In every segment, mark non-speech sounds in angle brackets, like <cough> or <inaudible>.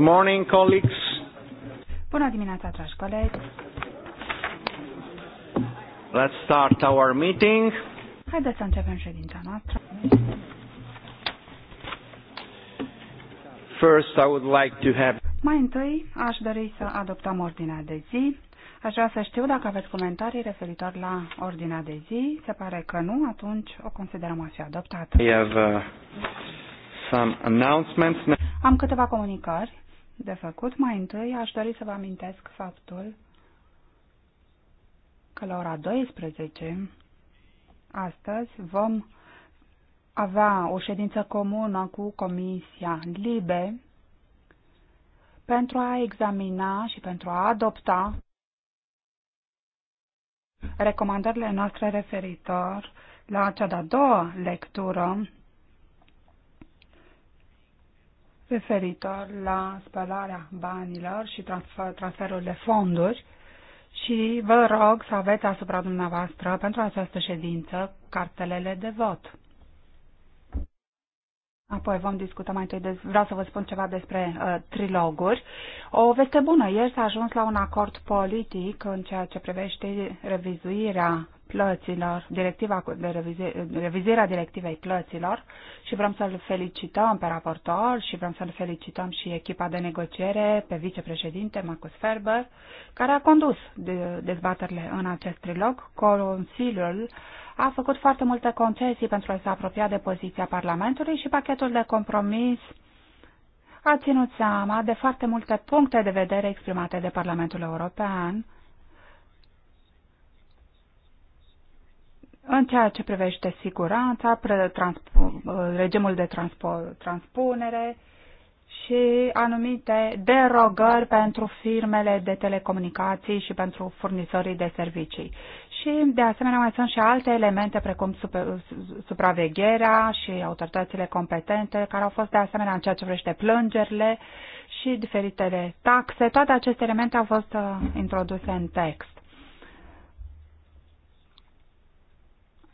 morning, colleagues. Bună dimineața, dragi colegi. Let's start our meeting. Haideți să începem ședința noastră. First, I would like to have... Mai întâi, aș dori să adoptăm ordinea de zi. Aș vrea să știu dacă aveți comentarii referitor la ordinea de zi. Se pare că nu, atunci o considerăm a fi adoptată. We have, uh, some announcements. Am câteva comunicări de făcut. Mai întâi aș dori să vă amintesc faptul că la ora 12 astăzi vom avea o ședință comună cu Comisia Libe pentru a examina și pentru a adopta recomandările noastre referitor la cea de-a doua lectură referitor la spălarea banilor și transferul de fonduri și vă rog să aveți asupra dumneavoastră pentru această ședință cartelele de vot. Apoi vom discuta mai întâi, de, vreau să vă spun ceva despre uh, triloguri. O veste bună, ieri s-a ajuns la un acord politic în ceea ce privește revizuirea plăților, directiva de revize, revizirea directivei plăților și vrem să-l felicităm pe raportor și vrem să-l felicităm și echipa de negociere pe vicepreședinte Marcus Ferber, care a condus de, dezbaterile în acest trilog. Consiliul a făcut foarte multe concesii pentru a se apropia de poziția Parlamentului și pachetul de compromis a ținut seama de foarte multe puncte de vedere exprimate de Parlamentul European, În ceea ce privește siguranța, regimul de transpunere și anumite derogări pentru firmele de telecomunicații și pentru furnizorii de servicii. Și, de asemenea, mai sunt și alte elemente precum supravegherea și autoritățile competente, care au fost, de asemenea, în ceea ce privește plângerile și diferitele taxe. Toate aceste elemente au fost uh, introduse în text.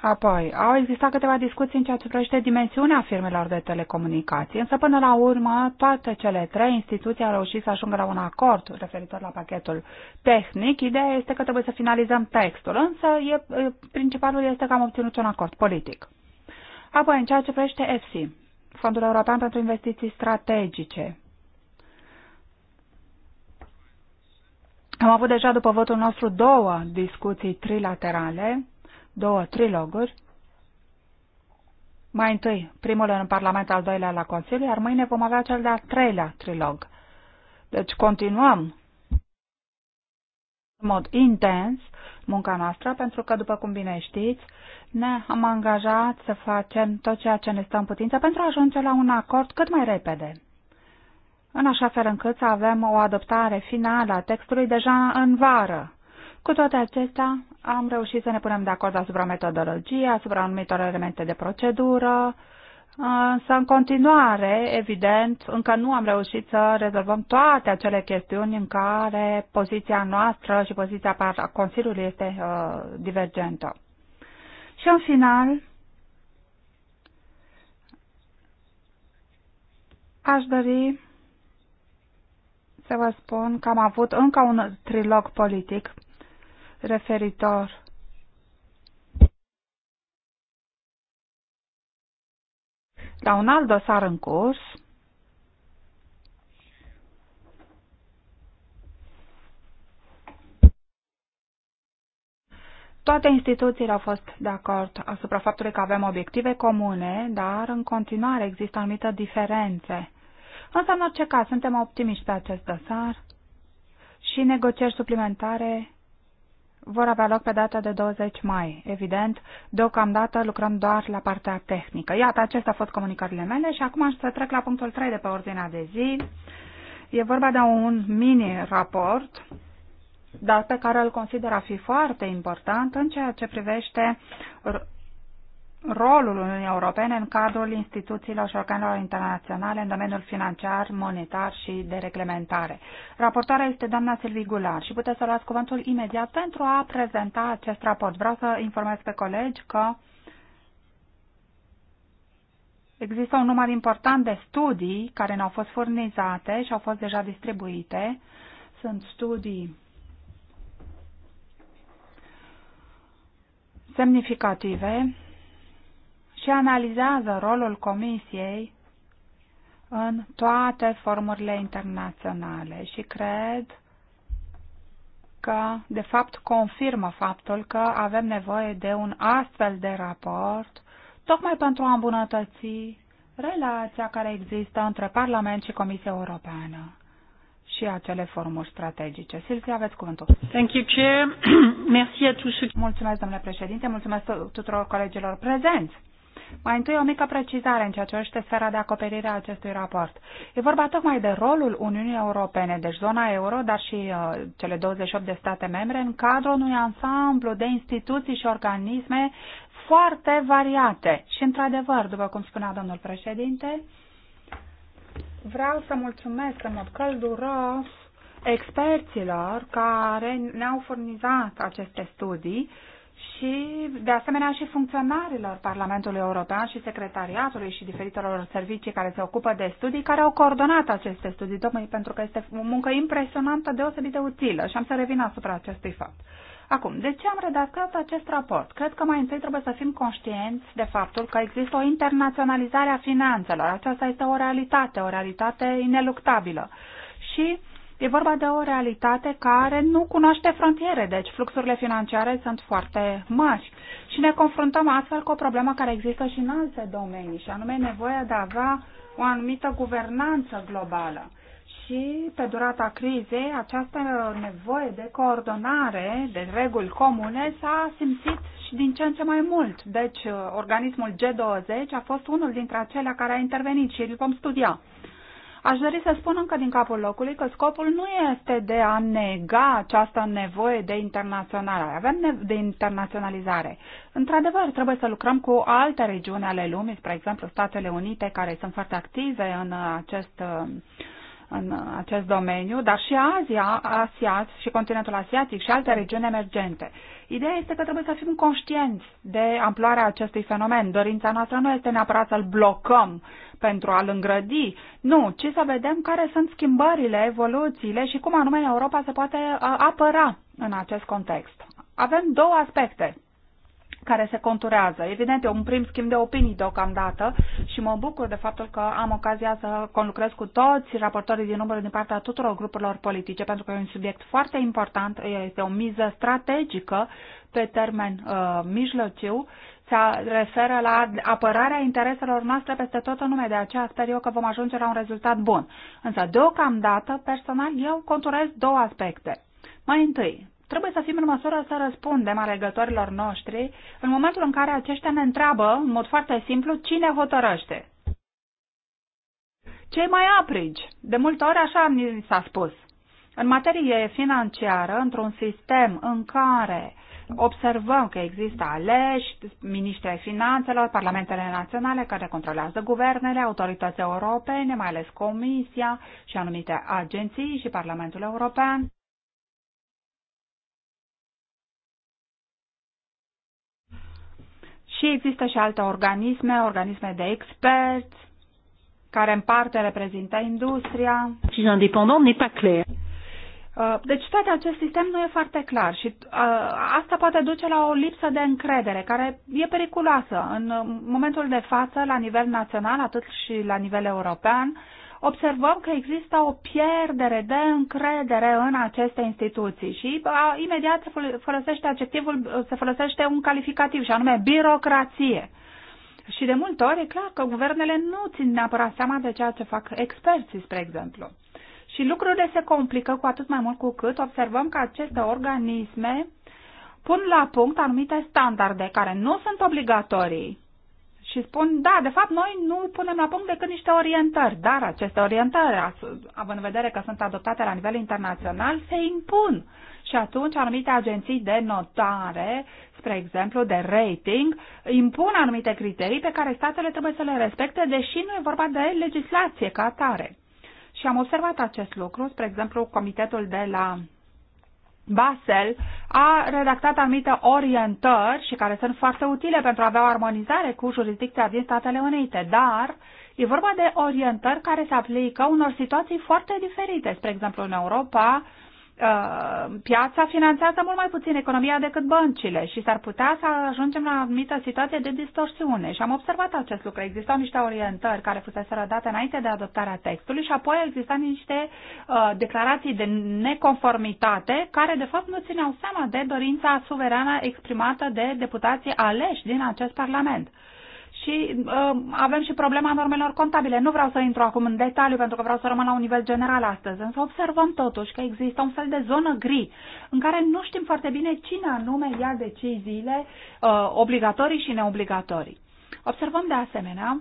Apoi, au existat câteva discuții în ceea ce privește dimensiunea firmelor de telecomunicații, însă până la urmă toate cele trei instituții au reușit să ajungă la un acord referitor la pachetul tehnic. Ideea este că trebuie să finalizăm textul, însă e, principalul este că am obținut un acord politic. Apoi, în ceea ce privește EFSI, Fondul European pentru Investiții Strategice, am avut deja după votul nostru două discuții trilaterale două loguri. Mai întâi, primul în Parlament, al doilea la Consiliu, iar mâine vom avea cel de-al treilea trilog. Deci continuăm în mod intens munca noastră, pentru că, după cum bine știți, ne am angajat să facem tot ceea ce ne stă în putință pentru a ajunge la un acord cât mai repede, în așa fel încât să avem o adoptare finală a textului deja în vară. Cu toate acestea, am reușit să ne punem de acord asupra metodologiei, asupra anumitor elemente de procedură, Însă, în continuare, evident, încă nu am reușit să rezolvăm toate acele chestiuni în care poziția noastră și poziția Consiliului este uh, divergentă. Și, în final, aș dori să vă spun că am avut încă un trilog politic referitor la un alt dosar în curs, Toate instituțiile au fost de acord asupra faptului că avem obiective comune, dar în continuare există anumite diferențe. Însă, în orice caz, suntem optimiști pe acest dosar și negocieri suplimentare vor avea loc pe data de 20 mai. Evident, deocamdată lucrăm doar la partea tehnică. Iată, acestea au fost comunicările mele și acum aș să trec la punctul 3 de pe ordinea de zi. E vorba de un mini-raport, dar pe care îl consider a fi foarte important în ceea ce privește rolul Uniunii Europene în cadrul instituțiilor și organelor internaționale în domeniul financiar, monetar și de reglementare. Raportoarea este doamna Silvii Gular și puteți să luați cuvântul imediat pentru a prezenta acest raport. Vreau să informez pe colegi că există un număr important de studii care ne-au fost furnizate și au fost deja distribuite. Sunt studii semnificative și analizează rolul Comisiei în toate formurile internaționale și cred că, de fapt, confirmă faptul că avem nevoie de un astfel de raport tocmai pentru a îmbunătăți relația care există între Parlament și Comisia Europeană și acele formuri strategice. Silvia, aveți cuvântul. Thank you, Chair. <clears throat> Merci à tous Mulțumesc, domnule președinte, mulțumesc tuturor colegilor prezenți. Mai întâi o mică precizare în ceea ce este sfera de acoperire a acestui raport. E vorba tocmai de rolul Uniunii Europene, deci zona euro, dar și uh, cele 28 de state membre, în cadrul unui ansamblu de instituții și organisme foarte variate. Și, într-adevăr, după cum spunea domnul președinte, vreau să mulțumesc în mod călduros experților care ne-au furnizat aceste studii și, de asemenea, și funcționarilor Parlamentului European și secretariatului și diferitelor servicii care se ocupă de studii, care au coordonat aceste studii, tocmai pentru că este o muncă impresionantă, deosebit de utilă și am să revin asupra acestui fapt. Acum, de ce am redactat acest raport? Cred că mai întâi trebuie să fim conștienți de faptul că există o internaționalizare a finanțelor. Aceasta este o realitate, o realitate ineluctabilă. Și E vorba de o realitate care nu cunoaște frontiere, deci fluxurile financiare sunt foarte mari și ne confruntăm astfel cu o problemă care există și în alte domenii, și anume nevoia de a avea o anumită guvernanță globală. Și pe durata crizei, această nevoie de coordonare, de reguli comune, s-a simțit și din ce în ce mai mult. Deci, organismul G20 a fost unul dintre acelea care a intervenit și îl vom studia. Aș dori să spun încă din capul locului că scopul nu este de a nega această nevoie de internaționalizare. Avem nevoie de internaționalizare. Într-adevăr, trebuie să lucrăm cu alte regiuni ale lumii, spre exemplu Statele Unite, care sunt foarte active în acest în acest domeniu, dar și Asia, Asia și continentul asiatic și alte regiuni emergente. Ideea este că trebuie să fim conștienți de amploarea acestui fenomen. Dorința noastră nu este neapărat să-l blocăm, pentru a-l îngrădi. Nu, ci să vedem care sunt schimbările, evoluțiile și cum anume Europa se poate apăra în acest context. Avem două aspecte care se conturează. Evident, e un prim schimb de opinii deocamdată și mă bucur de faptul că am ocazia să conlucrez cu toți raportorii din numărul din partea tuturor grupurilor politice, pentru că e un subiect foarte important, este o miză strategică pe termen uh, mijlociu se referă la apărarea intereselor noastre peste tot în lume. De aceea sper eu că vom ajunge la un rezultat bun. Însă, deocamdată, personal, eu conturez două aspecte. Mai întâi, trebuie să fim în măsură să răspundem alegătorilor noștri în momentul în care aceștia ne întreabă, în mod foarte simplu, cine hotărăște. Cei mai aprigi, de multe ori așa mi s-a spus. În materie financiară, într-un sistem în care observăm că există aleși, miniștri ai finanțelor, parlamentele naționale care controlează guvernele, autorități europene, mai ales Comisia și anumite agenții și Parlamentul European. Și există și alte organisme, organisme de experți, care în parte reprezintă industria. Și independent n'est pas clair. Uh, deci toate acest sistem nu e foarte clar și uh, asta poate duce la o lipsă de încredere care e periculoasă. În uh, momentul de față, la nivel național, atât și la nivel european, observăm că există o pierdere de încredere în aceste instituții și a, imediat se folosește adjectivul, se folosește un calificativ și anume birocrație. Și de multe ori e clar că guvernele nu țin neapărat seama de ceea ce fac experții, spre exemplu. Și lucrurile se complică cu atât mai mult cu cât observăm că aceste organisme pun la punct anumite standarde care nu sunt obligatorii. Și spun, da, de fapt noi nu punem la punct decât niște orientări, dar aceste orientări, având în vedere că sunt adoptate la nivel internațional, se impun. Și atunci anumite agenții de notare, spre exemplu de rating, impun anumite criterii pe care statele trebuie să le respecte, deși nu e vorba de legislație ca atare. Și am observat acest lucru, spre exemplu, comitetul de la Basel a redactat anumite orientări și care sunt foarte utile pentru a avea o armonizare cu jurisdicția din Statele Unite, dar e vorba de orientări care se aplică unor situații foarte diferite. Spre exemplu, în Europa, Uh, piața finanțează mult mai puțin economia decât băncile și s-ar putea să ajungem la anumită situație de distorsiune. Și am observat acest lucru. Existau niște orientări care fusese date înainte de adoptarea textului și apoi existau niște uh, declarații de neconformitate care de fapt nu țineau seama de dorința suverană exprimată de deputații aleși din acest Parlament. Uh, și uh, avem și problema normelor contabile. Nu vreau să intru acum în detaliu pentru că vreau să rămân la un nivel general astăzi, însă observăm totuși că există un fel de zonă gri în care nu știm foarte bine cine anume ia deciziile uh, obligatorii și neobligatorii. Observăm de asemenea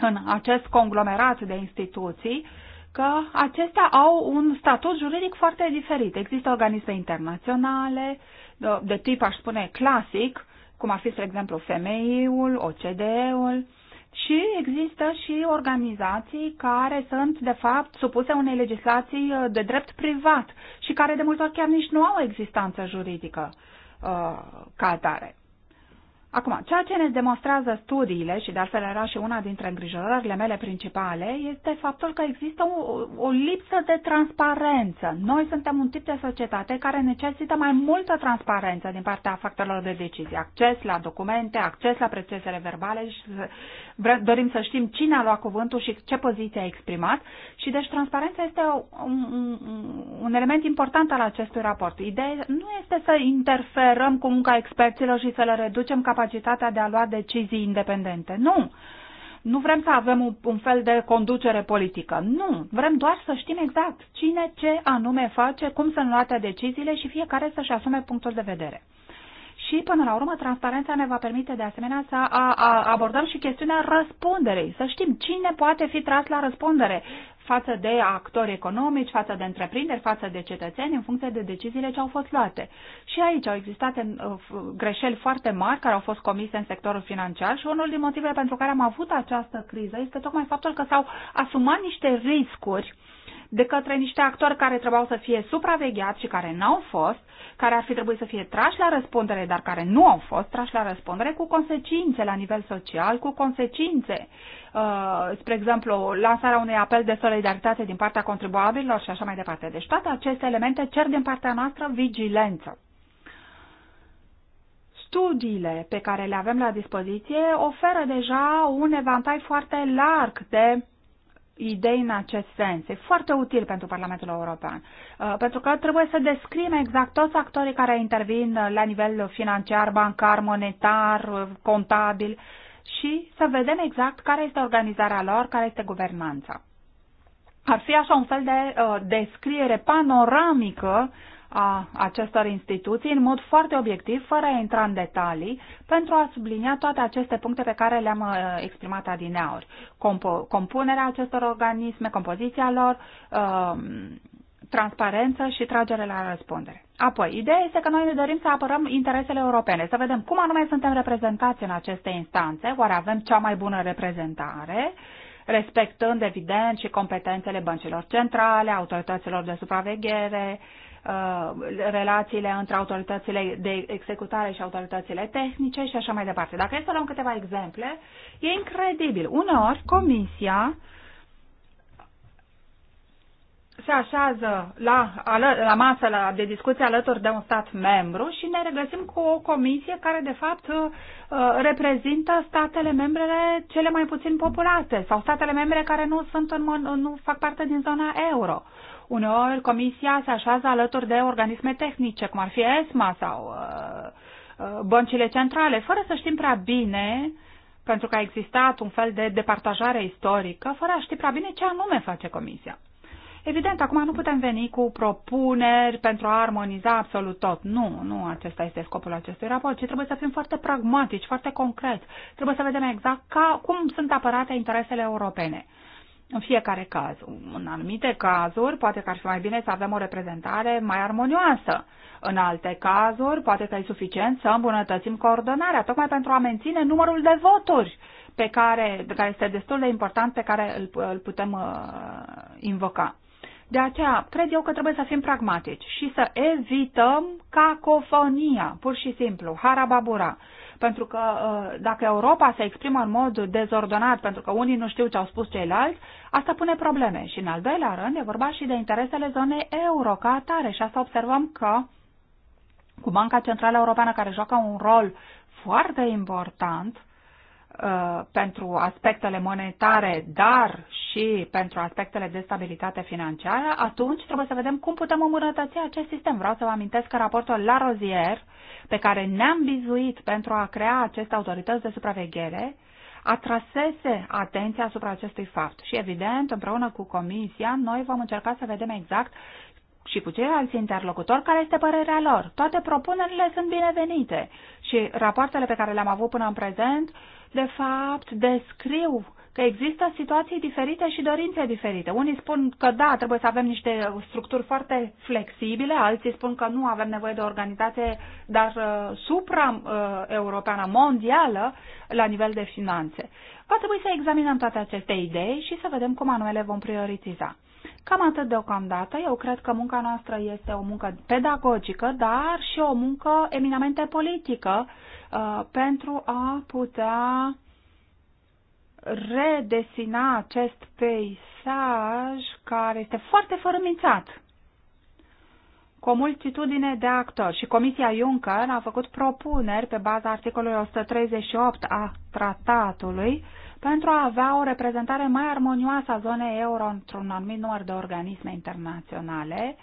în acest conglomerat de instituții că acestea au un statut juridic foarte diferit. Există organisme internaționale, uh, de tip, aș spune, clasic, cum ar fi, spre exemplu, femeiul, OCDE-ul, și există și organizații care sunt, de fapt, supuse unei legislații uh, de drept privat și care de multe ori chiar nici nu au existanță juridică uh, ca atare. Acum, ceea ce ne demonstrează studiile, și de altfel era și una dintre îngrijorările mele principale, este faptul că există o, o lipsă de transparență. Noi suntem un tip de societate care necesită mai multă transparență din partea factorilor de decizie. Acces la documente, acces la procesele verbale și vre, dorim să știm cine a luat cuvântul și ce poziție a exprimat și deci transparența este un, un, un element important al acestui raport. Ideea nu este să interferăm cu munca experților și să le reducem capacitatea de a lua decizii independente. Nu! Nu vrem să avem un, un fel de conducere politică. Nu, vrem doar să știm exact cine ce anume face, cum sunt luate deciziile și fiecare să-și asume punctul de vedere. Și, până la urmă, transparența ne va permite, de asemenea, să a, a, abordăm și chestiunea răspunderei, să știm cine poate fi tras la răspundere față de actori economici, față de întreprinderi, față de cetățeni, în funcție de deciziile ce au fost luate. Și aici au existat uh, greșeli foarte mari care au fost comise în sectorul financiar și unul din motivele pentru care am avut această criză este tocmai faptul că s-au asumat niște riscuri de către niște actori care trebuiau să fie supravegheați și care n-au fost, care ar fi trebuit să fie trași la răspundere, dar care nu au fost trași la răspundere, cu consecințe la nivel social, cu consecințe, uh, spre exemplu, lansarea unui apel de solidaritate din partea contribuabililor și așa mai departe. Deci toate aceste elemente cer din partea noastră vigilență studiile pe care le avem la dispoziție oferă deja un evantai foarte larg de idei în acest sens. E foarte util pentru Parlamentul European, uh, pentru că trebuie să descrim exact toți actorii care intervin uh, la nivel financiar, bancar, monetar, uh, contabil și să vedem exact care este organizarea lor, care este guvernanța. Ar fi așa un fel de descriere panoramică a acestor instituții în mod foarte obiectiv, fără a intra în detalii, pentru a sublinia toate aceste puncte pe care le-am uh, exprimat adineauri. Compo- compunerea acestor organisme, compoziția lor, um, transparență și tragere la răspundere. Apoi, ideea este că noi ne dorim să apărăm interesele europene, să vedem cum anume suntem reprezentați în aceste instanțe, oare avem cea mai bună reprezentare, respectând, evident, și competențele băncilor centrale, autorităților de supraveghere, uh, Uh, relațiile între autoritățile de executare și autoritățile tehnice și așa mai departe. Dacă e să luăm câteva exemple, e incredibil. Uneori, Comisia se așează la, la masă la, de discuție alături de un stat membru și ne regăsim cu o comisie care, de fapt, uh, reprezintă statele membrele cele mai puțin populate sau statele membre care nu, sunt în, nu fac parte din zona euro. Uneori comisia se așează alături de organisme tehnice, cum ar fi ESMA sau uh, uh, băncile centrale, fără să știm prea bine, pentru că a existat un fel de departajare istorică, fără a ști prea bine ce anume face comisia. Evident, acum nu putem veni cu propuneri pentru a armoniza absolut tot. Nu, nu acesta este scopul acestui raport, ci trebuie să fim foarte pragmatici, foarte concreți. Trebuie să vedem exact ca, cum sunt apărate interesele europene în fiecare caz. În anumite cazuri, poate că ar fi mai bine să avem o reprezentare mai armonioasă. În alte cazuri, poate că e suficient să îmbunătățim coordonarea, tocmai pentru a menține numărul de voturi pe care, care este destul de important, pe care îl, îl putem uh, invoca. De aceea, cred eu că trebuie să fim pragmatici și să evităm cacofonia, pur și simplu, harababura. Pentru că uh, dacă Europa se exprimă în mod dezordonat, pentru că unii nu știu ce au spus ceilalți, asta pune probleme. Și în al doilea rând e vorba și de interesele zonei euro ca atare și asta observăm că cu Banca Centrală Europeană care joacă un rol foarte important Uh, pentru aspectele monetare, dar și pentru aspectele de stabilitate financiară, atunci trebuie să vedem cum putem îmbunătăți acest sistem. Vreau să vă amintesc că raportul La Rozier, pe care ne-am bizuit pentru a crea aceste autorități de supraveghere, atrasese atenția asupra acestui fapt. Și evident, împreună cu Comisia, noi vom încerca să vedem exact și cu ceilalți interlocutori care este părerea lor. Toate propunerile sunt binevenite și rapoartele pe care le-am avut până în prezent uh, de fapt, descriu că există situații diferite și dorințe diferite. Unii spun că da, trebuie să avem niște structuri foarte flexibile, alții spun că nu avem nevoie de organizație, dar uh, supra-europeană, uh, mondială, la nivel de finanțe. Va trebui să examinăm toate aceste idei și să vedem cum anume le vom prioritiza. Cam atât deocamdată. Eu cred că munca noastră este o muncă pedagogică, dar și o muncă eminamente politică, uh, Uh, pentru a putea redesina acest peisaj care este foarte fărâmițat cu o multitudine de actori și Comisia Juncker a făcut propuneri pe baza articolului 138 a tratatului pentru a avea o reprezentare mai armonioasă a zonei euro într-un anumit număr de organisme internaționale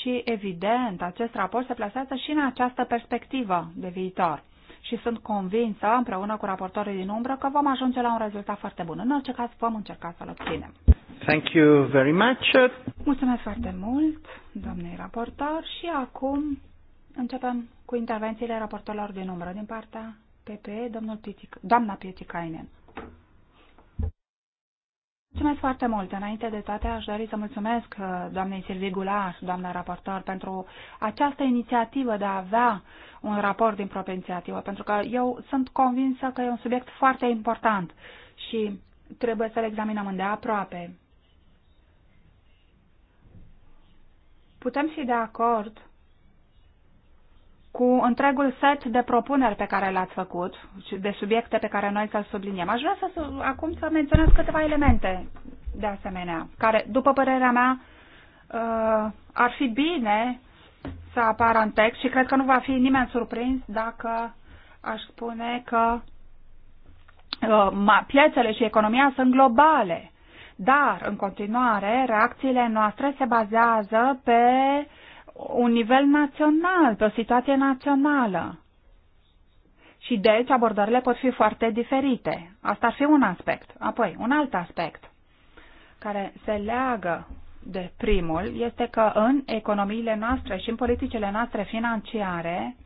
și, evident, acest raport se plasează și în această perspectivă de viitor și sunt convinsă, împreună cu raportorii din umbră, că vom ajunge la un rezultat foarte bun. În orice caz, vom încerca să-l obținem. Thank you very much. Mulțumesc foarte mult, domnei raportor, și acum începem cu intervențiile raportorilor din umbră din partea PP, domnul Pietic, doamna Pieticainen. Mulțumesc foarte mult. Înainte de toate, aș dori să mulțumesc uh, doamnei Silvii Gulaș, doamna raportor, pentru această inițiativă de a avea un raport din proprie inițiativă, pentru că eu sunt convinsă că e un subiect foarte important și trebuie să-l examinăm îndeaproape. Putem fi de acord cu întregul set de propuneri pe care le-ați făcut, de subiecte pe care noi să subliniem. Aș vrea să, acum să menționez câteva elemente de asemenea, care, după părerea mea, uh, ar fi bine să apară în text și cred că nu va fi nimeni surprins dacă aș spune că uh, piețele și economia sunt globale. Dar, în continuare, reacțiile noastre se bazează pe uh, un nivel național, pe o situație națională. Și deci abordările pot fi foarte diferite. Asta ar fi un aspect. Apoi, un alt aspect care se leagă de primul este că în economiile noastre și în politicile noastre financiare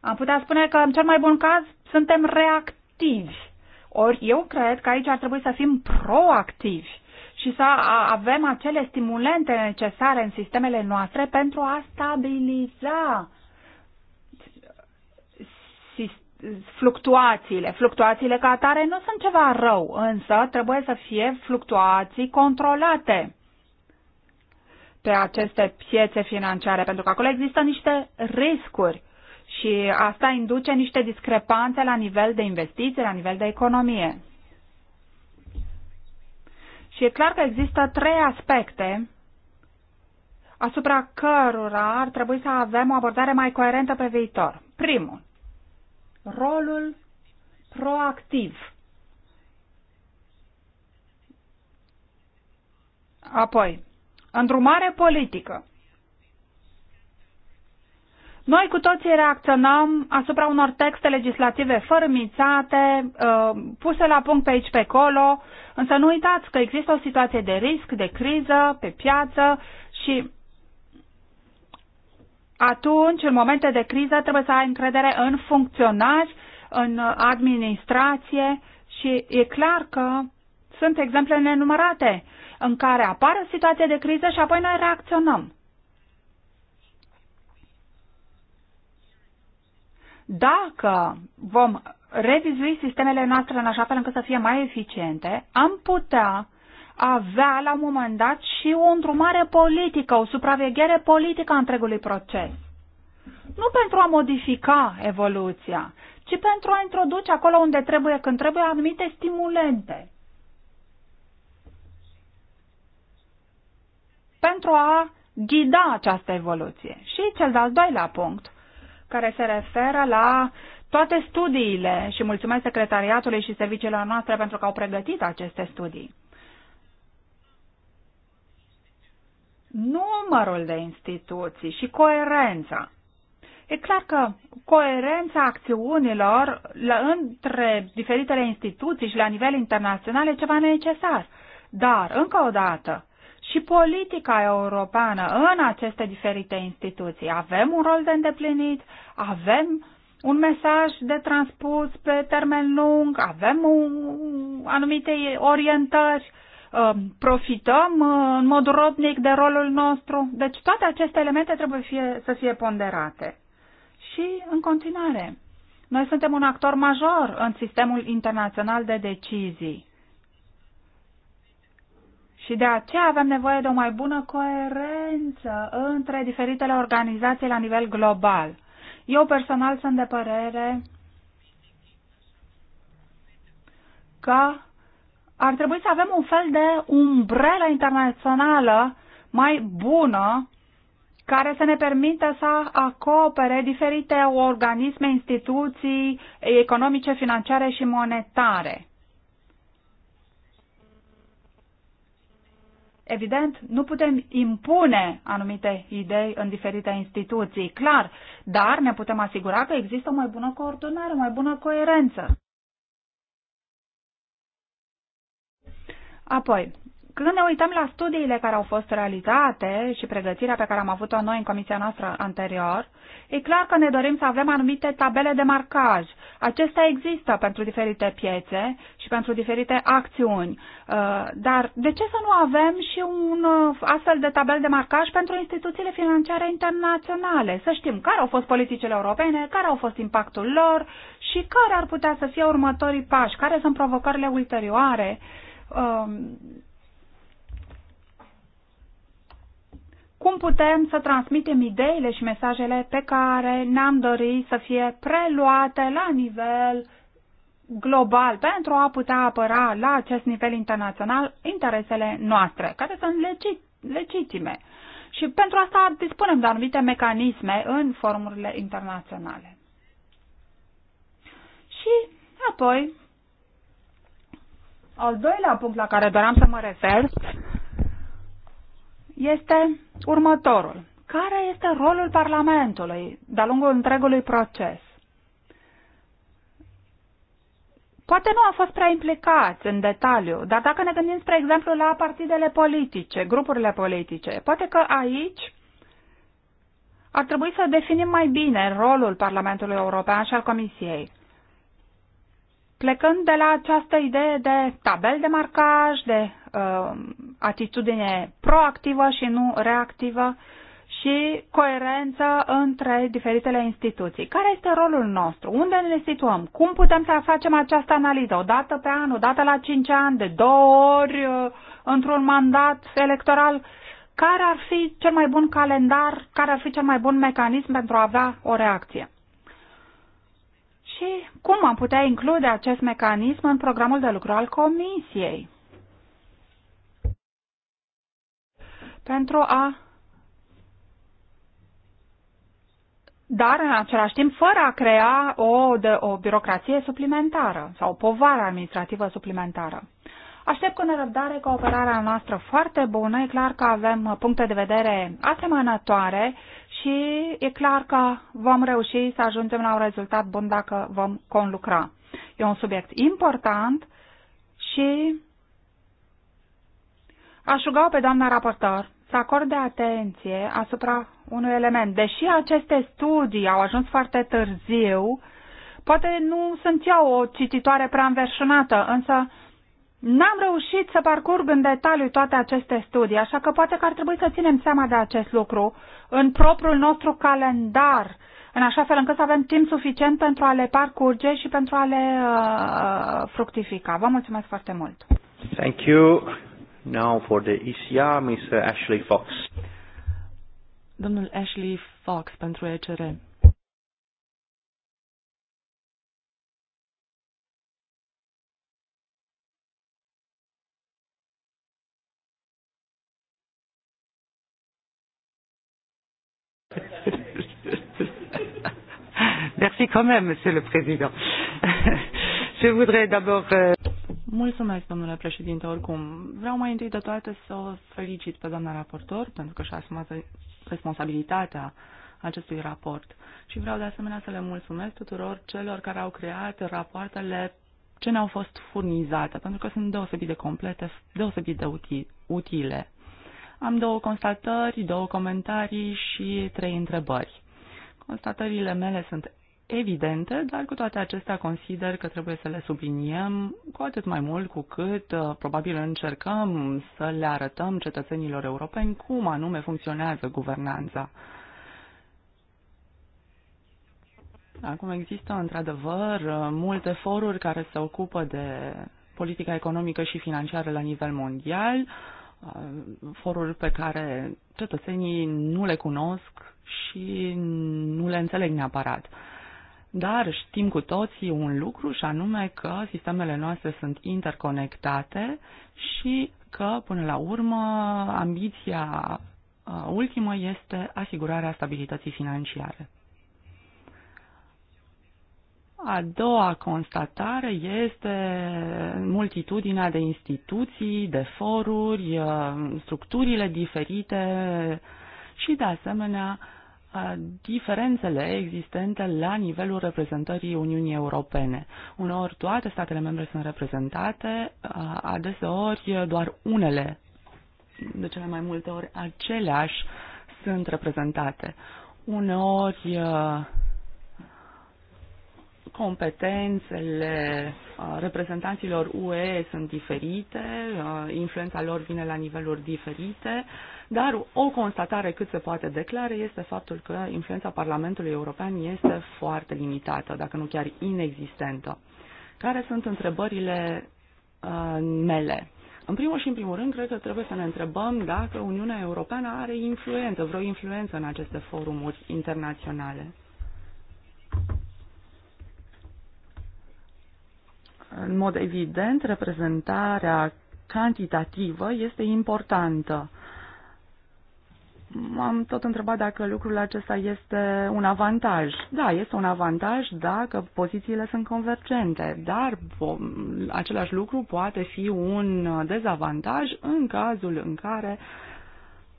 am putea spune că în cel mai bun caz suntem reactivi. Ori eu cred că aici ar trebui să fim proactivi și să avem acele stimulente necesare în sistemele noastre pentru a stabiliza fluctuațiile. Fluctuațiile ca atare nu sunt ceva rău, însă trebuie să fie fluctuații controlate pe aceste piețe financiare, pentru că acolo există niște riscuri și asta induce niște discrepanțe la nivel de investiții, la nivel de economie. Și e clar că există trei aspecte asupra cărora ar trebui să avem o abordare mai coerentă pe viitor. Primul, rolul proactiv. Apoi, îndrumare politică. Noi cu toții reacționăm asupra unor texte legislative fărâmițate, uh, puse la punct pe aici pe acolo, însă nu uitați că există o situație de risc, de criză pe piață și atunci, în momente de criză, trebuie să ai încredere în funcționari, în administrație și e clar că sunt exemple nenumărate în care apare o situație de criză și apoi noi reacționăm. Dacă vom revizui sistemele noastre în așa fel încât să fie mai eficiente, am putea avea la un moment dat și o îndrumare politică, o supraveghere politică a întregului proces. Nu pentru a modifica evoluția, ci pentru a introduce acolo unde trebuie, când trebuie, anumite stimulente. Pentru a ghida această evoluție. Și cel de-al doilea punct care se referă la toate studiile și mulțumesc secretariatului și serviciilor noastre pentru că au pregătit aceste studii. Numărul de instituții și coerența. E clar că coerența acțiunilor la, între diferitele instituții și la nivel internațional e ceva necesar. Dar, încă o dată, și politica europeană în aceste diferite instituții. Avem un rol de îndeplinit, avem un mesaj de transpus pe termen lung, avem un, anumite orientări, um, profităm uh, în mod rodnic de rolul nostru. Deci toate aceste elemente trebuie fie, să fie ponderate. Și în continuare, noi suntem un actor major în sistemul internațional de decizii și de aceea avem nevoie de o mai bună coerență între diferitele organizații la nivel global. Eu personal sunt de părere că ar trebui să avem un fel de umbrelă internațională mai bună care să ne permită să acopere diferite organisme, instituții economice, financiare și monetare. Evident, nu putem impune anumite idei în diferite instituții, clar, dar ne putem asigura că există o mai bună coordonare, o mai bună coerență. Apoi, când ne uităm la studiile care au fost realizate și pregătirea pe care am avut-o noi în comisia noastră anterior, e clar că ne dorim să avem anumite tabele de marcaj. Acestea există pentru diferite piețe și pentru diferite acțiuni. Uh, dar de ce să nu avem și un uh, astfel de tabel de marcaj pentru instituțiile financiare internaționale? Să știm care au fost politicile europene, care au fost impactul lor și care ar putea să fie următorii pași, care sunt provocările ulterioare uh, cum putem să transmitem ideile și mesajele pe care ne-am dorit să fie preluate la nivel global pentru a putea apăra la acest nivel internațional interesele noastre, care sunt legit, legitime. Și pentru asta dispunem de anumite mecanisme în formurile internaționale. Și apoi, al doilea punct la care doream să mă refer este următorul. Care este rolul Parlamentului de-a lungul întregului proces? Poate nu a fost prea implicați în detaliu, dar dacă ne gândim, spre exemplu, la partidele politice, grupurile politice, poate că aici ar trebui să definim mai bine rolul Parlamentului European și al Comisiei. Plecând de la această idee de tabel de marcaj, de uh, atitudine proactivă și nu reactivă și coerență între diferitele instituții. Care este rolul nostru? Unde ne situăm? Cum putem să facem această analiză? O dată pe an, o dată la cinci ani, de două ori, uh, într-un mandat electoral? Care ar fi cel mai bun calendar? Care ar fi cel mai bun mecanism pentru a avea o reacție? Și cum am putea include acest mecanism în programul de lucru al Comisiei? pentru a dar în același timp fără a crea o, de, o birocrație suplimentară sau o povară administrativă suplimentară. Aștept cu nerăbdare cooperarea noastră foarte bună. E clar că avem puncte de vedere asemănătoare și e clar că vom reuși să ajungem la un rezultat bun dacă vom conlucra. E un subiect important și Aș ruga pe doamna raportor să acorde atenție asupra unui element. Deși aceste studii au ajuns foarte târziu, poate nu sunt eu o cititoare prea înverșunată, însă n-am reușit să parcurg în detaliu toate aceste studii, așa că poate că ar trebui să ținem seama de acest lucru în propriul nostru calendar, în așa fel încât să avem timp suficient pentru a le parcurge și pentru a le uh, fructifica. Vă mulțumesc foarte mult! Thank you. Now for the ECR, Mr. Ashley Fox. Domnul Ashley Fox pentru ECR. Merci quand même, Monsieur le Président. Je voudrais d'abord. Euh... Mulțumesc, domnule președinte, oricum. Vreau mai întâi de toate să o felicit pe doamna raportor pentru că și-a asumat responsabilitatea acestui raport. Și vreau de asemenea să le mulțumesc tuturor celor care au creat rapoartele ce ne-au fost furnizate, pentru că sunt deosebit de complete, deosebit de utile. Am două constatări, două comentarii și trei întrebări. Constatările mele sunt evidente, dar cu toate acestea consider că trebuie să le subliniem cu atât mai mult cu cât uh, probabil încercăm să le arătăm cetățenilor europeni cum anume funcționează guvernanța. Acum există într-adevăr uh, multe foruri care se ocupă de politica economică și financiară la nivel mondial, uh, foruri pe care cetățenii nu le cunosc și nu le înțeleg neapărat. Dar știm cu toții un lucru și anume că sistemele noastre sunt interconectate și că, până la urmă, ambiția ultimă este asigurarea stabilității financiare. A doua constatare este multitudinea de instituții, de foruri, structurile diferite și, de asemenea, diferențele existente la nivelul reprezentării Uniunii Europene. Uneori toate statele membre sunt reprezentate, adeseori doar unele, de cele mai multe ori aceleași, sunt reprezentate. Uneori competențele reprezentanților UE sunt diferite, influența lor vine la niveluri diferite, dar o constatare cât se poate declare este faptul că influența Parlamentului European este foarte limitată, dacă nu chiar inexistentă. Care sunt întrebările uh, mele? În primul și în primul rând, cred că trebuie să ne întrebăm dacă Uniunea Europeană are influență, vreo influență în aceste forumuri internaționale. În mod evident, reprezentarea cantitativă este importantă m-am tot întrebat dacă lucrul acesta este un avantaj. Da, este un avantaj dacă pozițiile sunt convergente, dar același lucru poate fi un dezavantaj în cazul în care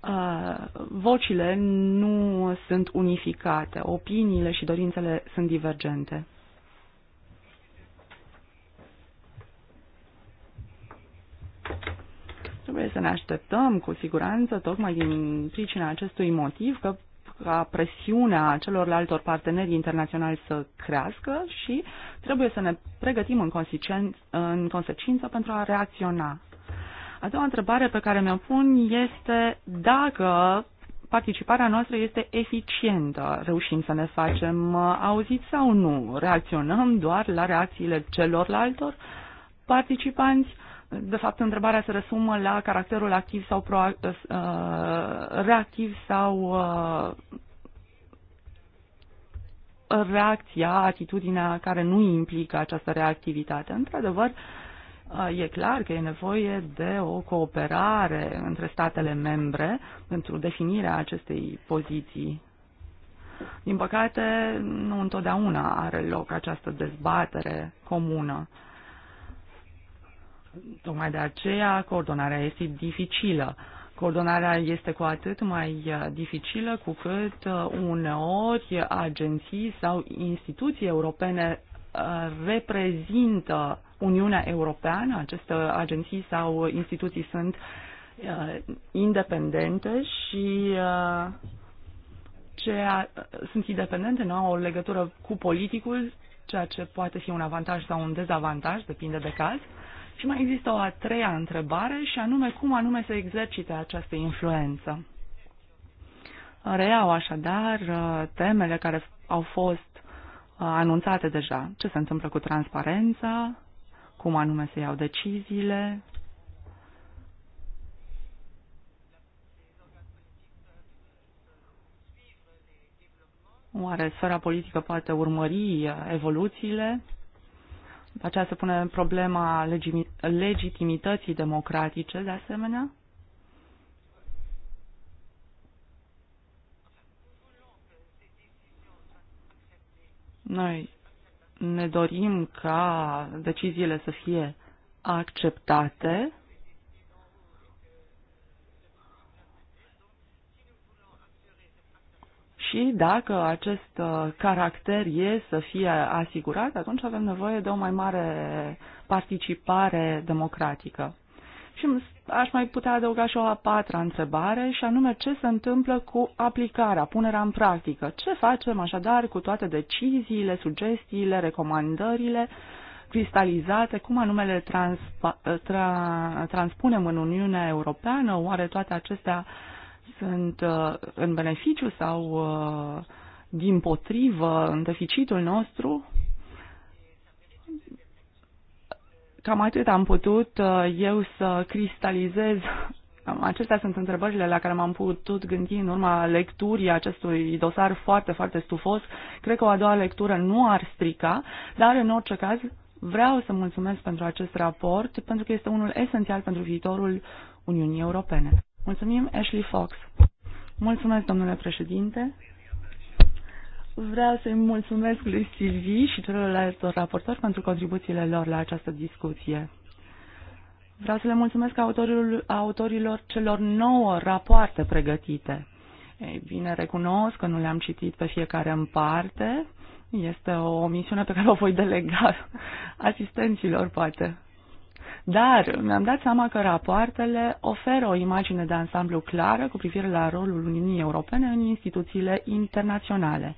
uh, vocile nu sunt unificate, opiniile și dorințele sunt divergente. Trebuie să ne așteptăm cu siguranță, tocmai din pricina acestui motiv, că ca presiunea celorlaltor parteneri internaționali să crească și trebuie să ne pregătim în, în consecință pentru a reacționa. A doua întrebare pe care mi-o pun este dacă participarea noastră este eficientă. Reușim să ne facem auziți sau nu? Reacționăm doar la reacțiile celorlaltor participanți? Uh, de fapt, întrebarea se resumă la caracterul activ sau pro, uh, uh, reactiv sau uh, reacția, atitudinea care nu implică această reactivitate. Într-adevăr, uh, e clar că e nevoie de o cooperare între statele membre pentru definirea acestei poziții. Din păcate, nu întotdeauna are loc această dezbatere comună. Uh, Tocmai de aceea coordonarea este dificilă. Coordonarea este cu atât mai uh, dificilă cu cât uh, uneori agenții sau instituții europene uh, reprezintă Uniunea Europeană, aceste agenții sau instituții sunt independente și ceea, sunt independente, nu au o legătură cu politicul, ceea ce poate fi un avantaj sau un dezavantaj, depinde de caz. Uh, și mai există o a treia întrebare și anume cum anume se exercite această influență. Reau așadar uh, temele care au fost uh, anunțate deja. Ce se întâmplă cu transparența, cum anume se iau deciziile, Oare sfera politică poate urmări uh, evoluțiile? Aceasta pune problema legitimității democratice, de asemenea. Noi ne dorim ca deciziile să fie acceptate Și dacă acest uh, caracter e să fie asigurat, atunci avem nevoie de o mai mare participare democratică. Și aș mai putea adăuga și o a patra întrebare, și anume ce se întâmplă cu aplicarea, punerea în practică. Ce facem așadar cu toate deciziile, sugestiile, recomandările cristalizate, cum anume le transpa, ă, tra, transpunem în Uniunea Europeană, oare toate acestea uh, sunt uh, în beneficiu sau uh, din potrivă în deficitul nostru, cam atât am putut uh, eu să cristalizez. Acestea sunt întrebările la care m-am putut gândi în urma lecturii acestui dosar foarte, foarte stufos. Cred că o a doua lectură nu ar strica, dar în orice caz vreau să mulțumesc pentru acest raport, pentru că este unul esențial pentru viitorul Uniunii Europene. Mulțumim, Ashley Fox. Mulțumesc, domnule președinte. Vreau să-i mulțumesc lui Silvi și celorlalți raportori pentru contribuțiile lor la această discuție. Vreau să le mulțumesc autorilor, autorilor celor nouă rapoarte pregătite. Ei bine, recunosc că nu le-am citit pe fiecare în parte. Este o misiune pe care o voi delega asistenților, poate. Dar mi-am dat seama că rapoartele oferă o imagine de ansamblu clară cu privire la rolul Uniunii Europene în instituțiile internaționale.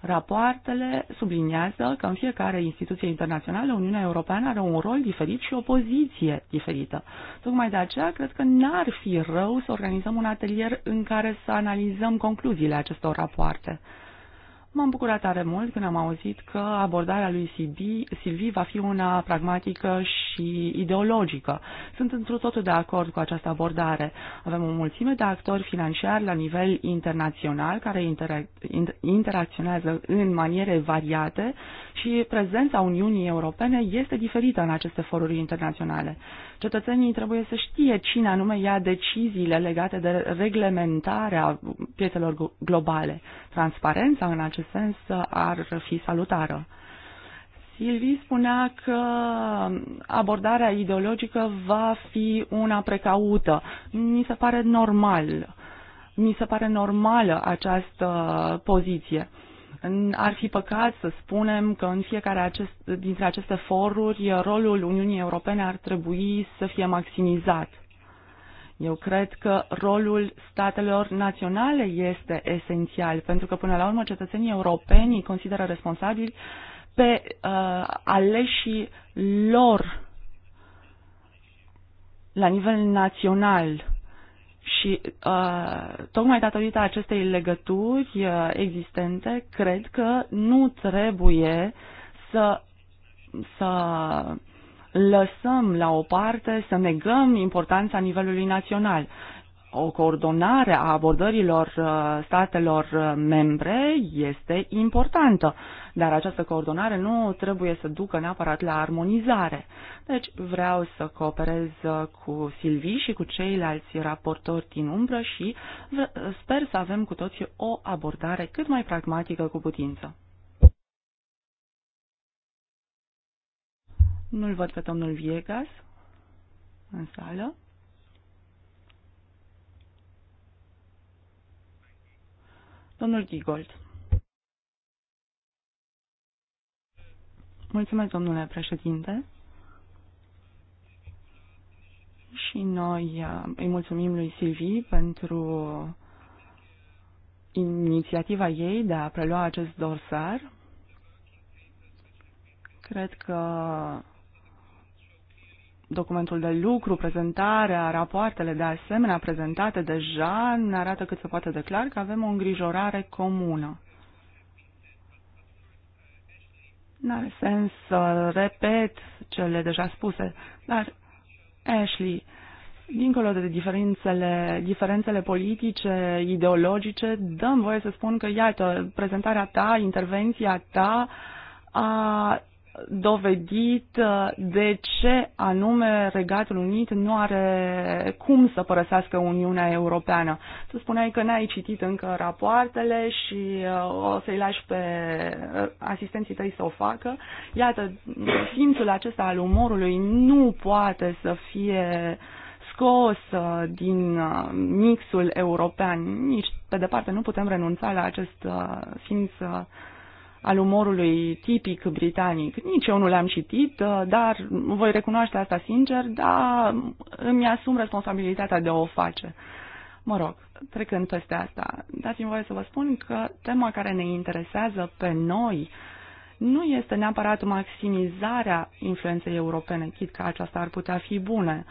Rapoartele subliniază că în fiecare instituție internațională Uniunea Europeană are un rol diferit și o poziție diferită. Tocmai de aceea cred că n-ar fi rău să organizăm un atelier în care să analizăm concluziile acestor rapoarte. M-am bucurat tare mult când am auzit că abordarea lui Silvi, va fi una pragmatică și ideologică. Sunt într totul de acord cu această abordare. Avem o mulțime de actori financiari la nivel internațional care interacționează în maniere variate și prezența Uniunii Europene este diferită în aceste foruri internaționale. Cetățenii trebuie să știe cine anume ia deciziile legate de reglementarea piețelor globale. Transparența în acest sens ar fi salutară. Silvi spunea că abordarea ideologică va fi una precaută. Mi se pare normal. Mi se pare normală această poziție. Ar fi păcat să spunem că în fiecare acest, dintre aceste foruri rolul Uniunii Europene ar trebui să fie maximizat. Eu cred că rolul statelor naționale este esențial, pentru că până la urmă cetățenii europeni consideră responsabili pe uh, aleșii lor la nivel național. Și uh, tocmai datorită acestei legături uh, existente, cred că nu trebuie să, să lăsăm la o parte, să negăm importanța nivelului național. O coordonare a abordărilor uh, statelor uh, membre este importantă, dar această coordonare nu trebuie să ducă neapărat la armonizare. Deci vreau să cooperez uh, cu Silvi și cu ceilalți raportori din umbră și sper să avem cu toții o abordare cât mai pragmatică cu putință. Nu-l văd pe domnul Viegas în sală. Domnul Gigold. Mulțumesc, domnule președinte. Și noi uh, îi mulțumim lui Silvi pentru inițiativa ei de a prelua acest dosar. Cred că documentul de lucru, prezentarea, rapoartele de asemenea prezentate deja ne arată cât se poate de clar că avem o îngrijorare comună. N-are sens să repet cele deja spuse, dar Ashley, dincolo de diferențele, diferențele politice, ideologice, dăm voie să spun că, iată, prezentarea ta, intervenția ta a dovedit uh, de ce anume Regatul Unit nu are cum să părăsească Uniunea Europeană. Tu spuneai că n-ai citit încă rapoartele și uh, o să-i lași pe uh, asistenții tăi să o facă. Iată, simțul acesta al umorului nu poate să fie scos din mixul european. Nici, pe departe, nu putem renunța la acest simț al umorului tipic britanic. Nici eu nu le-am citit, uh, dar voi recunoaște asta sincer, dar îmi asum responsabilitatea de a o face. Mă rog, trecând peste asta, dați-mi voie să vă spun că tema care ne interesează pe noi nu este neapărat maximizarea influenței europene, chit că aceasta ar putea fi bună.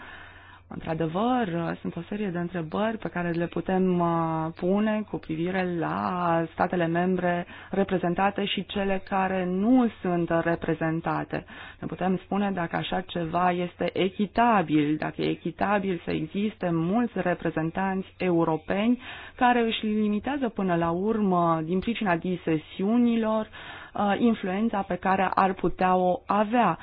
Într-adevăr, sunt o serie de întrebări pe care le putem uh, pune cu privire la statele membre reprezentate și cele care nu sunt reprezentate. Ne putem spune dacă așa ceva este echitabil, dacă e echitabil să existe mulți reprezentanți europeni care își limitează până la urmă, din pricina disesiunilor, uh, influența pe care ar putea o avea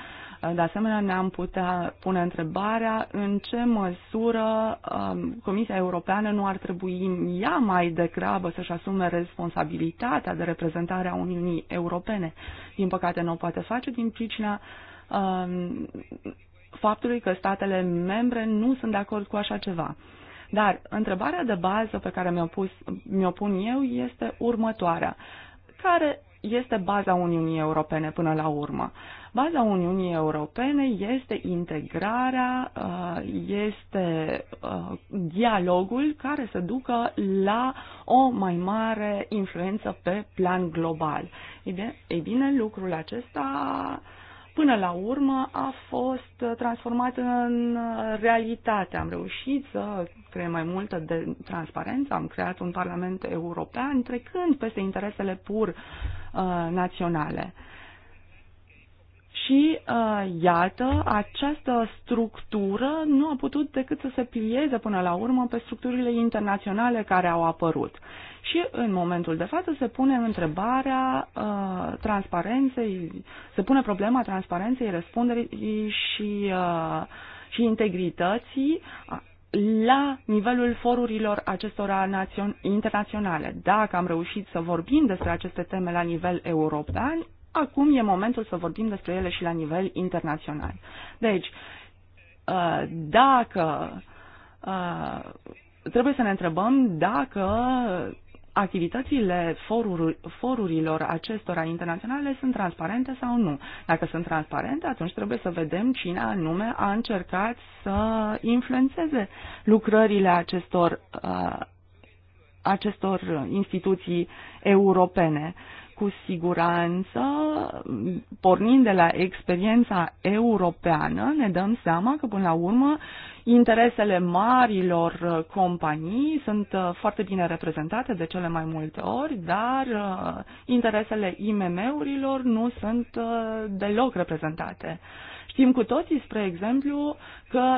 de asemenea, ne-am putea pune întrebarea în ce măsură um, Comisia Europeană nu ar trebui ea mai degrabă să-și asume responsabilitatea de reprezentare a Uniunii Europene. Din păcate, nu o poate face din pricina um, faptului că statele membre nu sunt de acord cu așa ceva. Dar întrebarea de bază pe care mi-o, pus, mi-o pun eu este următoarea. Care este baza Uniunii Europene până la urmă? Uh, Baza Uniunii Europene este integrarea, uh, este uh, dialogul care să ducă la o mai mare influență pe plan global. Ei bine, lucrul acesta până la urmă a fost transformat în realitate. Am reușit să creăm mai multă de transparență, am creat un Parlament european trecând peste interesele pur uh, naționale. Uh, și uh, iată, această structură nu a putut decât să se plieze până la urmă pe structurile internaționale care au apărut. Și în momentul de față se pune întrebarea uh, transparenței, se pune problema transparenței, răspunderii și, uh, și integrității uh, la nivelul forurilor acestora internaționale. Dacă am reușit să vorbim despre aceste teme la nivel european, acum e momentul să vorbim despre ele și la nivel internațional. Deci, uh, dacă uh, trebuie să ne întrebăm dacă activitățile foruri, forurilor acestora internaționale sunt transparente sau nu. Dacă sunt transparente, atunci trebuie să vedem cine anume a încercat să influențeze lucrările acestor, uh, acestor instituții europene. Uh, cu siguranță, pornind de la experiența europeană, ne dăm seama că, până la urmă, interesele marilor companii sunt uh, foarte bine reprezentate de cele mai multe ori, dar uh, interesele IMM-urilor nu sunt uh, deloc reprezentate. Știm cu toții, spre exemplu, că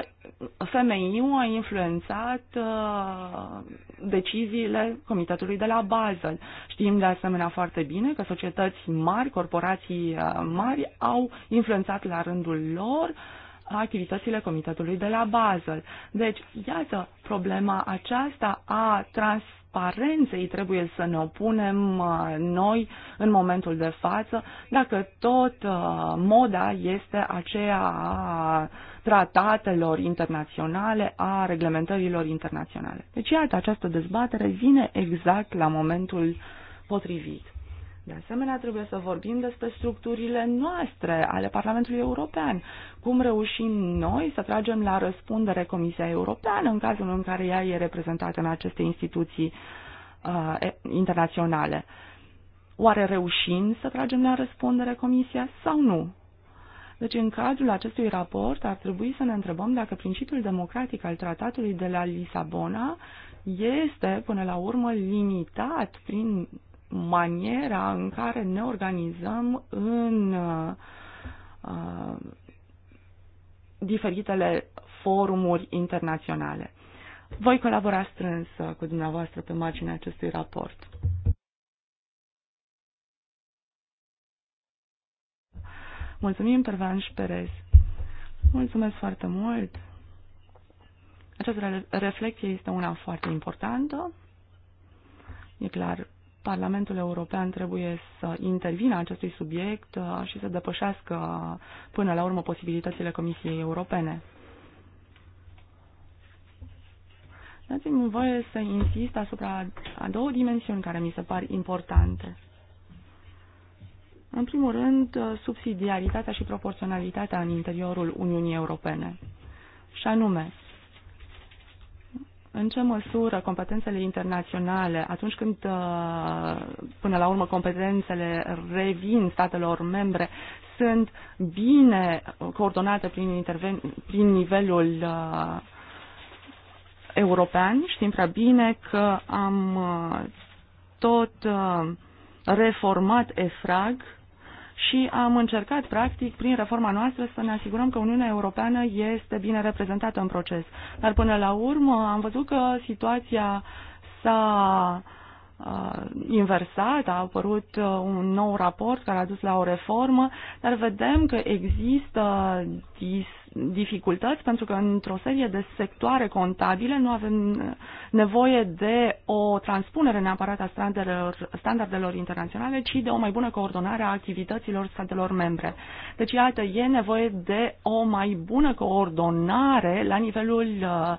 FMI-ul a influențat uh, deciziile Comitetului de la Basel. Știm de asemenea foarte bine că societăți mari, corporații uh, mari au influențat la rândul lor uh, activitățile comitetului de la Basel. Deci, iată, problema aceasta a transparenței trebuie să ne opunem uh, noi în momentul de față, dacă tot uh, moda este aceea a tratatelor internaționale, a reglementărilor internaționale. Deci, iată, această dezbatere vine exact la momentul potrivit. De asemenea, trebuie să vorbim despre structurile noastre ale Parlamentului European. Cum reușim noi să tragem la răspundere Comisia Europeană în cazul în care ea e reprezentată în aceste instituții uh, internaționale? Oare reușim să tragem la răspundere Comisia sau nu? Deci, în cadrul acestui raport, ar trebui să ne întrebăm dacă principiul democratic al tratatului de la Lisabona este, până la urmă, limitat prin maniera în care ne organizăm în uh, diferitele forumuri internaționale. Voi colabora strâns uh, cu dumneavoastră pe marginea acestui raport. Mulțumim, Pervanș Perez. Mulțumesc foarte mult. Această reflexie este una foarte importantă. E clar, Parlamentul European trebuie să intervină acestui subiect uh, și să depășească uh, până la urmă posibilitățile Comisiei Europene. Dați-mi voie să insist asupra a două dimensiuni care mi se par importante. În primul rând, uh, subsidiaritatea și proporționalitatea în interiorul Uniunii Europene. Și anume, în ce măsură competențele internaționale, atunci când uh, până la urmă competențele revin statelor membre, sunt bine coordonate prin, prin nivelul uh, european. Știm prea bine că am uh, tot uh, reformat EFRAG și am încercat, practic, prin reforma noastră să ne asigurăm că Uniunea Europeană este bine reprezentată în proces. Dar până la urmă am văzut că situația s-a Uh, inversat, a apărut uh, un nou raport care a dus la o reformă, dar vedem că există dificultăți pentru că într-o serie de sectoare contabile nu avem nevoie de o transpunere neapărat a standardelor, standardelor internaționale, ci de o mai bună coordonare a activităților statelor membre. Deci, iată, e nevoie de o mai bună coordonare la nivelul uh,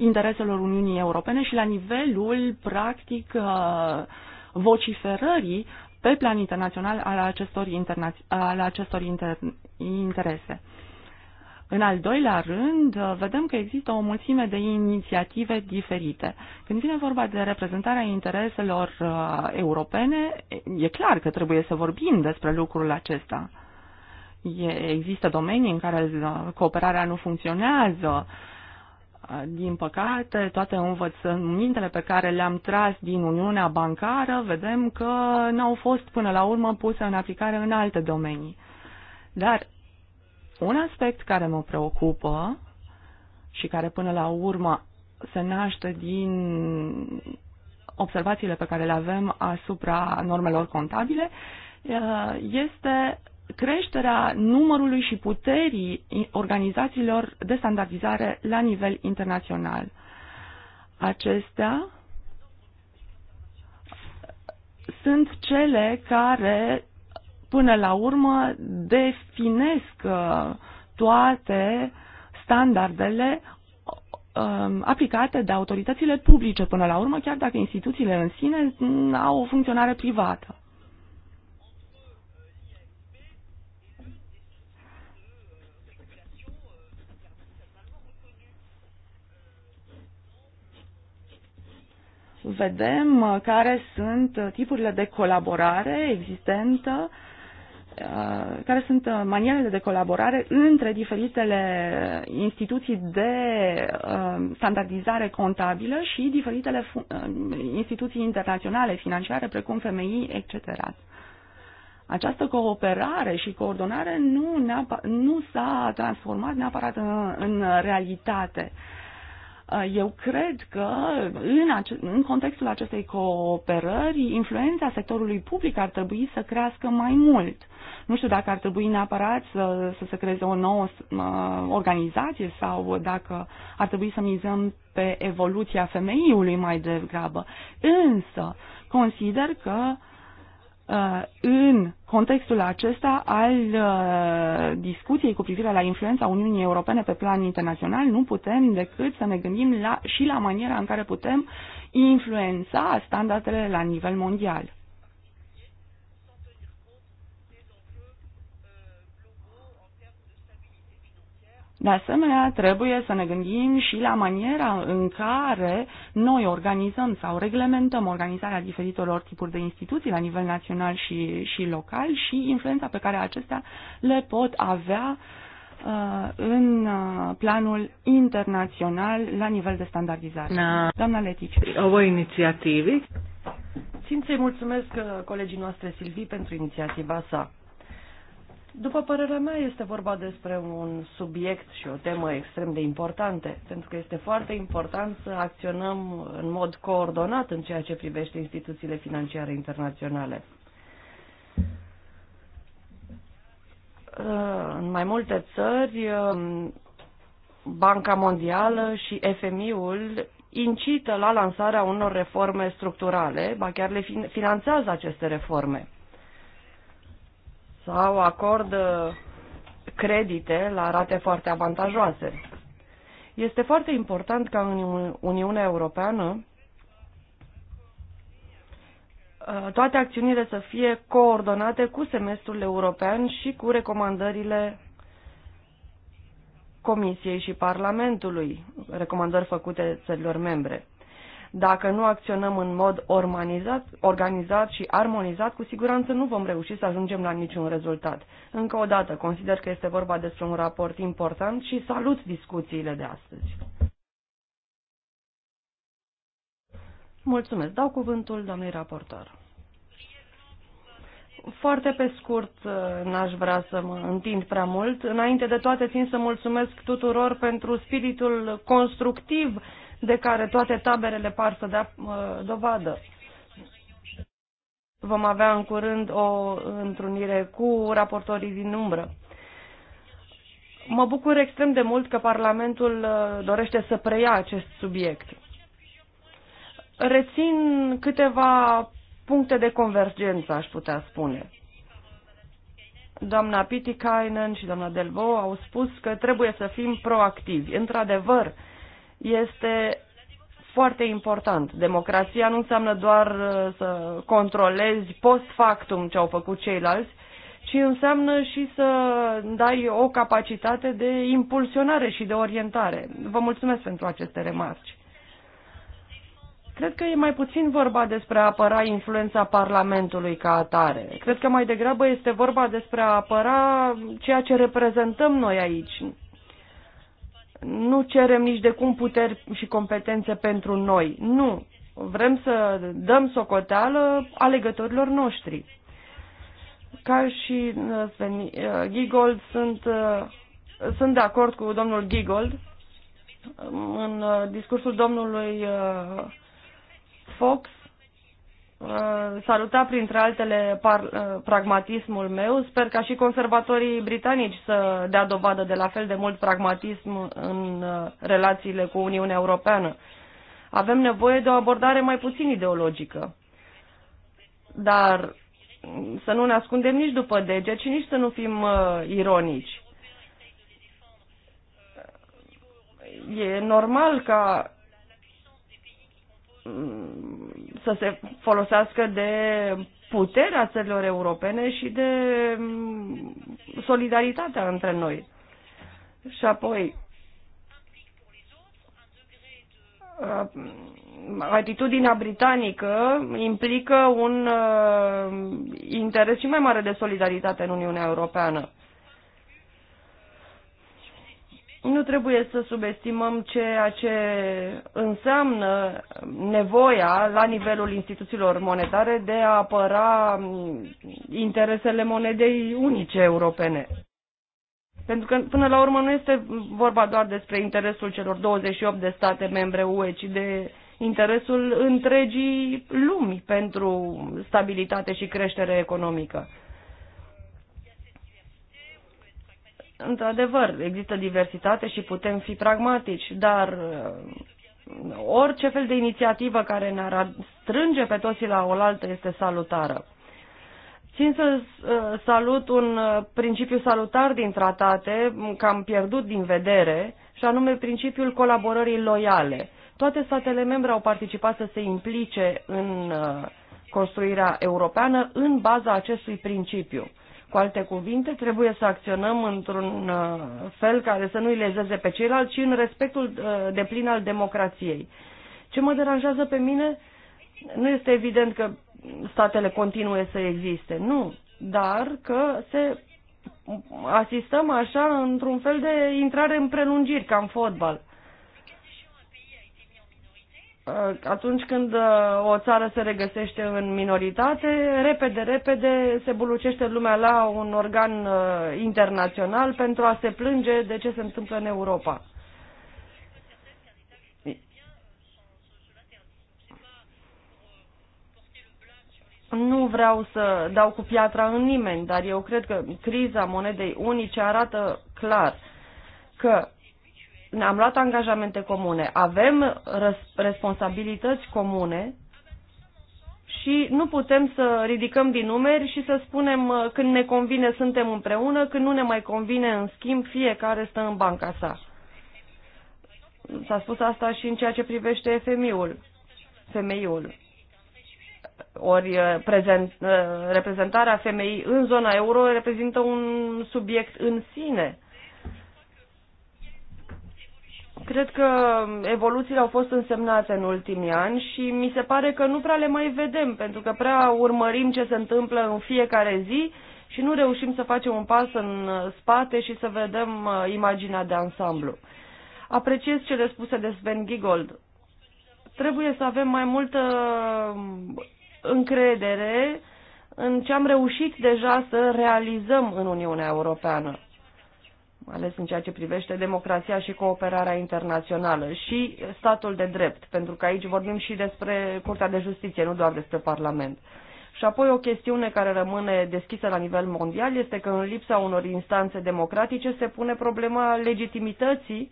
intereselor Uniunii Europene și la nivelul, practic, uh, vociferării pe plan internațional al acestor, interna- al acestor inter- interese. În al doilea rând, uh, vedem că există o mulțime de inițiative diferite. Când vine vorba de reprezentarea intereselor uh, europene, e clar că trebuie să vorbim despre lucrul acesta. există domenii în care cooperarea nu funcționează, din păcate, toate învățămintele pe care le-am tras din Uniunea Bancară, vedem că n-au fost până la urmă puse în aplicare în alte domenii. Dar un aspect care mă preocupă și care până la urmă se naște din observațiile pe care le avem asupra normelor contabile este creșterea numărului și puterii organizațiilor de standardizare la nivel internațional. Acestea sunt cele care, până la urmă, definesc uh, toate standardele um, aplicate de autoritățile publice până la urmă, chiar dacă instituțiile în sine au o funcționare privată. vedem uh, care sunt tipurile de colaborare existentă, uh, care sunt uh, manierele de colaborare între diferitele instituții de standardizare contabilă și diferitele instituții internaționale financiare, precum FMI, etc. Această cooperare și coordonare nu, nu s-a transformat neapărat în, în realitate. Uh, Uh, eu cred că în, ace- în contextul acestei cooperări, influența sectorului public ar trebui să crească mai mult. Nu știu dacă ar trebui neapărat să, să se creeze o nouă uh, organizație sau dacă ar trebui să mizăm pe evoluția femeiului mai degrabă. Însă, consider că uh, Uh, în contextul acesta al uh, discuției cu privire la influența Uniunii Europene pe plan internațional, nu putem decât să ne gândim la, și la maniera în care putem influența standardele la nivel mondial. De asemenea, trebuie să ne gândim și la maniera în care noi organizăm sau reglementăm organizarea diferitelor tipuri de instituții la nivel național și, și local și influența pe care acestea le pot avea uh, în uh, planul internațional la nivel de standardizare. Na. Da. Doamna Letici. O voi inițiativi. Țin să-i mulțumesc uh, colegii noastre Silvii pentru inițiativa sa. După părerea mea, este vorba despre un subiect și o temă extrem de importante, pentru că este foarte important să acționăm în mod coordonat în ceea ce privește instituțiile financiare internaționale. Uh, în mai multe țări, um, Banca Mondială și FMI-ul incită la lansarea unor reforme structurale, ba chiar le finanțează aceste reforme sau acordă credite la rate foarte avantajoase. Este foarte important ca în Uniunea Europeană uh, toate acțiunile să fie coordonate cu semestrul european și cu recomandările Comisiei și Parlamentului, recomandări făcute țărilor membre. Dacă nu acționăm în mod organizat, organizat și armonizat, cu siguranță nu vom reuși să ajungem la niciun rezultat. Încă o dată, consider că este vorba despre un raport important și salut discuțiile de astăzi. Mulțumesc. Dau cuvântul doamnei raportor. Foarte pe scurt, uh, n-aș vrea să mă întind prea mult. Înainte de toate, țin să mulțumesc tuturor pentru spiritul constructiv de care toate taberele par să dea dovadă. Vom avea în curând o întrunire cu raportorii din umbră. Mă bucur extrem de mult că Parlamentul uh, dorește să preia acest subiect. Rețin câteva puncte de convergență, aș putea spune. Doamna Pitikainen și doamna Delvo au spus că trebuie să fim proactivi. Într-adevăr, este foarte important. Democrația nu înseamnă doar uh, să controlezi post factum ce au făcut ceilalți, ci înseamnă și să dai o capacitate de impulsionare și de orientare. Vă mulțumesc pentru aceste remarci. Cred că e mai puțin vorba despre a apăra influența Parlamentului ca atare. Cred că mai degrabă este vorba despre a apăra ceea ce reprezentăm noi aici, nu cerem nici de cum puteri și competențe pentru noi. Nu. Vrem să dăm socoteală alegătorilor noștri. Ca și uh, Sven uh, Gigold, sunt, uh, sunt de acord cu domnul Gigold în discursul domnului Fox Uh, saluta printre altele par, uh, pragmatismul meu. Sper ca și conservatorii britanici să dea dovadă de la fel de mult pragmatism în uh, relațiile cu Uniunea Europeană. Avem nevoie de o abordare mai puțin ideologică. Dar să nu ne ascundem nici după dege, ci nici să nu fim uh, ironici. E normal ca să se folosească de puterea țărilor europene și de mm, solidaritatea între noi. Și apoi, uh, atitudinea britanică implică un uh, interes și mai mare de solidaritate în Uniunea Europeană nu trebuie să subestimăm ceea ce înseamnă nevoia la nivelul instituțiilor monetare de a apăra interesele monedei unice europene. Pentru că, până la urmă, nu este vorba doar despre interesul celor 28 de state membre UE, ci de interesul întregii lumi pentru stabilitate și creștere economică. într-adevăr, există diversitate și putem fi pragmatici, dar uh, orice fel de inițiativă care ne-ar strânge pe toți la oaltă este salutară. Țin să uh, salut un uh, principiu salutar din tratate, că am pierdut din vedere, și anume principiul colaborării loiale. Toate statele membre au participat să se implice în construirea europeană în baza acestui principiu. Cu alte cuvinte, trebuie să acționăm într-un uh, fel care să nu-i lezeze pe ceilalți, ci în respectul uh, de plin al democrației. Ce mă deranjează pe mine nu este evident că statele continue să existe, nu, dar că se asistăm așa într-un fel de intrare în prelungiri, ca în fotbal. Ă, atunci când ă, o țară se regăsește în minoritate, repede, repede se bulucește lumea la un organ ă, internațional pentru a se plânge de ce se întâmplă în Europa. Nu vreau să dau cu piatra în nimeni, dar eu cred că criza monedei unice arată clar că ne-am luat angajamente comune, avem responsabilități comune și nu putem să ridicăm din numeri și să spunem uh, când ne convine suntem împreună, când nu ne mai convine în schimb fiecare stă în banca sa. S-a spus asta și în ceea ce privește FMI-ul, femeiul. Ori uh, prezent, uh, reprezentarea femeii în zona euro reprezintă un subiect în sine Cred că evoluțiile au fost însemnate în ultimii ani și mi se pare că nu prea le mai vedem, pentru că prea urmărim ce se întâmplă în fiecare zi și nu reușim să facem un pas în spate și să vedem uh, imaginea de ansamblu. Apreciez cele spuse de Sven Giegold. Trebuie să avem mai multă uh, încredere în ce am reușit deja să realizăm în Uniunea Europeană ales în ceea ce privește democrația și cooperarea internațională și statul de drept, pentru că aici vorbim și despre Curtea de Justiție, nu doar despre Parlament. Și apoi o chestiune care rămâne deschisă la nivel mondial este că în lipsa unor instanțe democratice se pune problema legitimității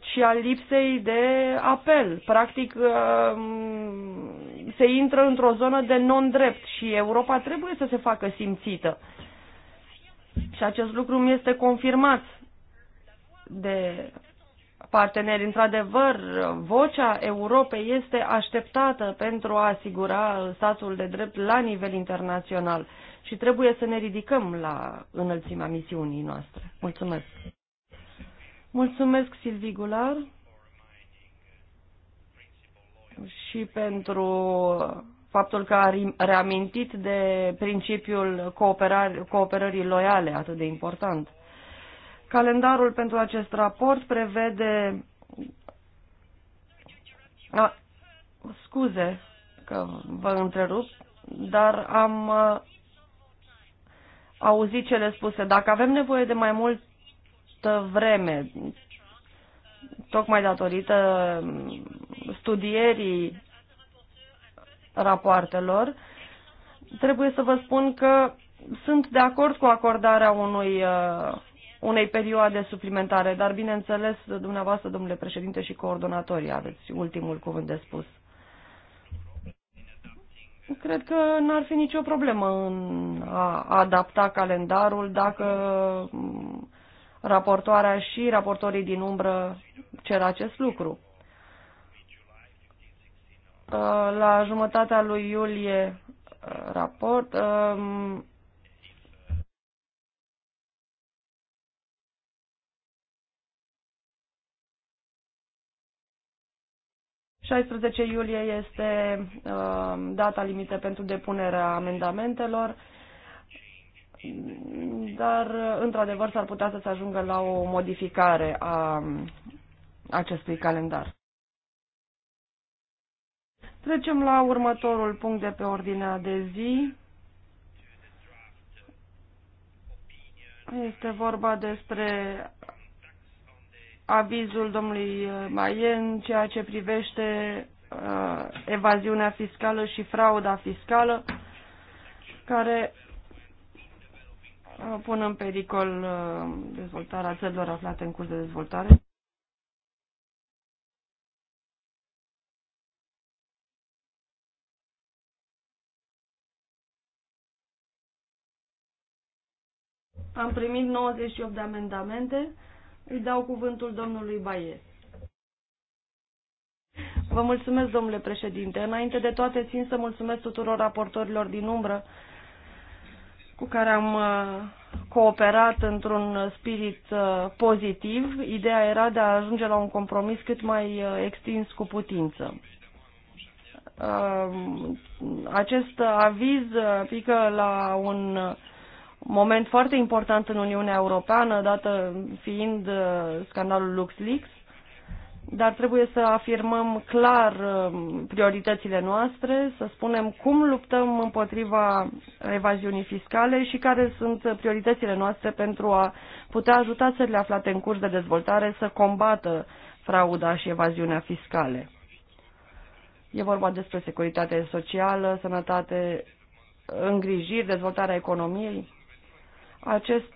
și a lipsei de apel. Practic um, se intră într-o zonă de non-drept și Europa trebuie să se facă simțită și acest lucru mi este confirmat de parteneri. Într-adevăr, vocea Europei este așteptată pentru a asigura statul de drept la nivel internațional și trebuie să ne ridicăm la înălțimea misiunii noastre. Mulțumesc! Mulțumesc, Silvi Gular, și pentru faptul că a reamintit de principiul cooperării loiale atât de important. Calendarul pentru acest raport prevede... A, scuze că vă întrerup, dar am auzit cele spuse. Dacă avem nevoie de mai multă vreme, tocmai datorită studierii rapoartelor, trebuie să vă spun că sunt de acord cu acordarea unui, uh, unei perioade suplimentare, dar bineînțeles, dumneavoastră, domnule președinte și coordonatorii, aveți ultimul cuvânt de spus. Cred că n-ar fi nicio problemă în a adapta calendarul dacă mm, raportoarea și raportorii din umbră cer acest lucru. Uh, la jumătatea lui iulie uh, raport. 16 um, iulie este um, data limită pentru depunerea amendamentelor dar uh, într-adevăr s-ar putea să se ajungă la o modificare a um, acestui calendar. Trecem la următorul punct de pe ordinea de zi. Este vorba despre avizul domnului Maien, ceea ce privește uh, evaziunea fiscală și frauda fiscală, care uh, pun în pericol uh, dezvoltarea țărilor aflate în curs de dezvoltare. Am primit 98 de amendamente. Îi dau cuvântul domnului Baie. Vă mulțumesc, domnule președinte. Înainte de toate, țin să mulțumesc tuturor raportorilor din umbră cu care am uh, cooperat într-un spirit uh, pozitiv. Ideea era de a ajunge la un compromis cât mai uh, extins cu putință. Um, acest aviz pică la un moment foarte important în Uniunea Europeană, dată fiind uh, scandalul LuxLeaks, dar trebuie să afirmăm clar uh, prioritățile noastre, să spunem cum luptăm împotriva evaziunii fiscale și care sunt prioritățile noastre pentru a putea ajuta țările aflate în curs de dezvoltare să combată frauda și evaziunea fiscale. E vorba despre securitate socială, sănătate, îngrijiri, dezvoltarea economiei. Acest,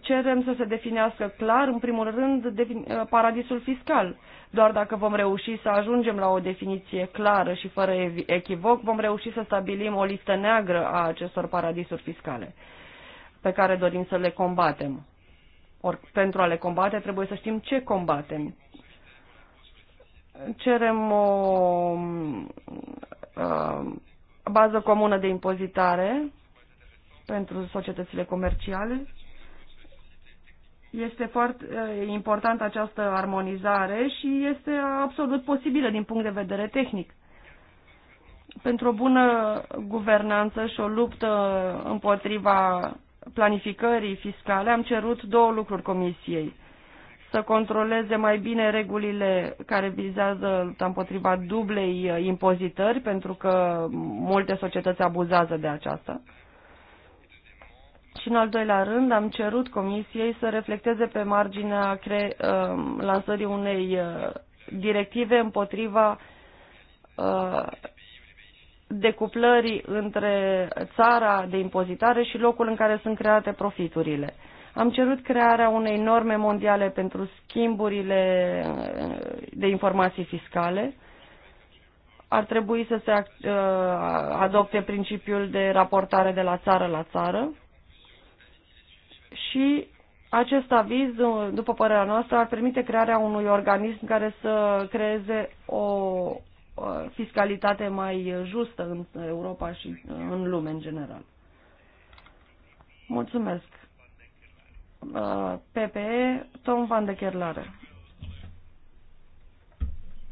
cerem să se definească clar, în primul rând, uh, paradisul fiscal. Doar dacă vom reuși să ajungem la o definiție clară și fără echivoc, vom reuși să stabilim o listă neagră a acestor paradisuri fiscale pe care dorim să le combatem. Or, pentru a le combate trebuie să știm ce combatem. Cerem o a, uh, bază comună de impozitare pentru societățile comerciale. Este foarte importantă această armonizare și este absolut posibilă din punct de vedere tehnic. Pentru o bună guvernanță și o luptă împotriva planificării fiscale am cerut două lucruri comisiei. Să controleze mai bine regulile care vizează împotriva dublei impozitări, pentru că multe societăți abuzează de aceasta și în al doilea rând am cerut Comisiei să reflecteze pe marginea cre- um, lansării unei uh, directive împotriva uh, decuplării între țara de impozitare și locul în care sunt create profiturile. Am cerut crearea unei norme mondiale pentru schimburile uh, de informații fiscale. Ar trebui să se adopte principiul de raportare de la țară la țară și acest aviz, după părerea noastră, ar permite crearea unui organism care să creeze o fiscalitate mai justă în Europa și în lume în general. Mulțumesc. Uh, PPE, Tom Van de Kerlare.